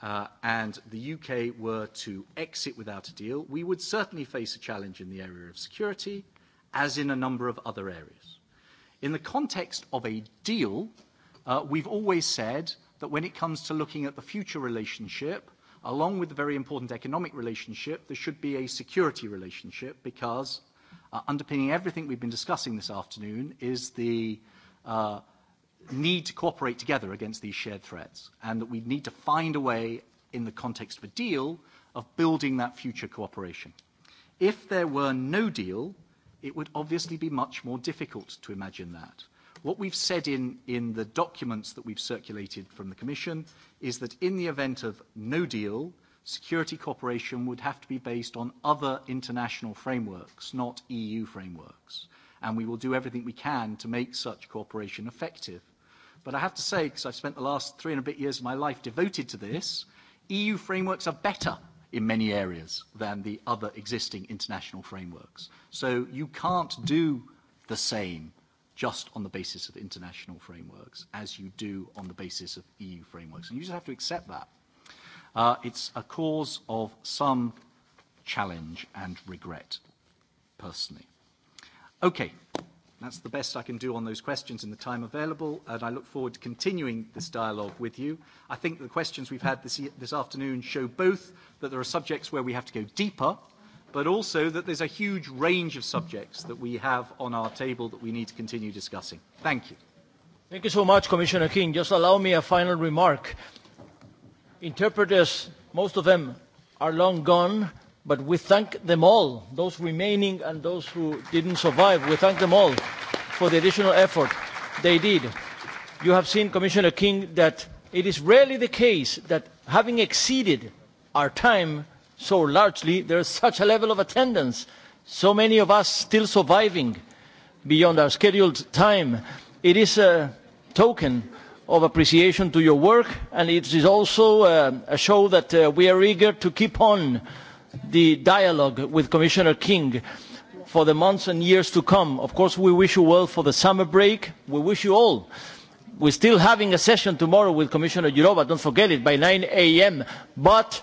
and the U.K. were to exit without a deal, we would certainly face a challenge in the area of security, as in a number of other areas. In the context of a deal, we've always said that when it comes to looking at the future relationship, along with the very important economic relationship, there should be a security relationship because uh, underpinning everything we've been discussing this afternoon is the uh, need to cooperate together against these shared threats and that we need to find a way in the context of a deal of building that future cooperation. If there were no deal, it would obviously be much more difficult to imagine that. What we've said in the documents that we've circulated from the Commission is that in the event of no deal, security cooperation would have to be based on other international frameworks, not EU frameworks, and we will do everything we can to make such cooperation effective. But I have to say, 'cause I've spent the last three and a bit years of my life devoted to this, EU frameworks are better in many areas than the other existing international frameworks. So you can't do the same just on the basis of international frameworks as you do on the basis of EU frameworks. And you just have to accept that. Uh, it's a cause of some challenge and regret, personally. Okay, that's the best I can do on those questions in the time available, and I look forward to continuing this dialogue with you. I think the questions we've had this, e-, this afternoon show both that there are subjects where we have to go deeper but also that there's a huge range of subjects that we have on our table that we need to continue discussing. Thank you. Thank you so much, Commissioner King. Just allow me a final remark. Interpreters, most of them are long gone, but we thank them all, those remaining and those who didn't survive, we thank them all for the additional effort they did. You have seen, Commissioner King, that it is rarely the case that having exceeded our time, so largely there is such a level of attendance so many of us still surviving beyond our scheduled time it is a token of appreciation to your work and it is also uh, a show that uh, we are eager to keep on the dialogue with commissioner king for the months and years to come of course we wish you well for the summer break we wish you all we're still having a session tomorrow with commissioner Jourova, don't forget it by 9 a.m but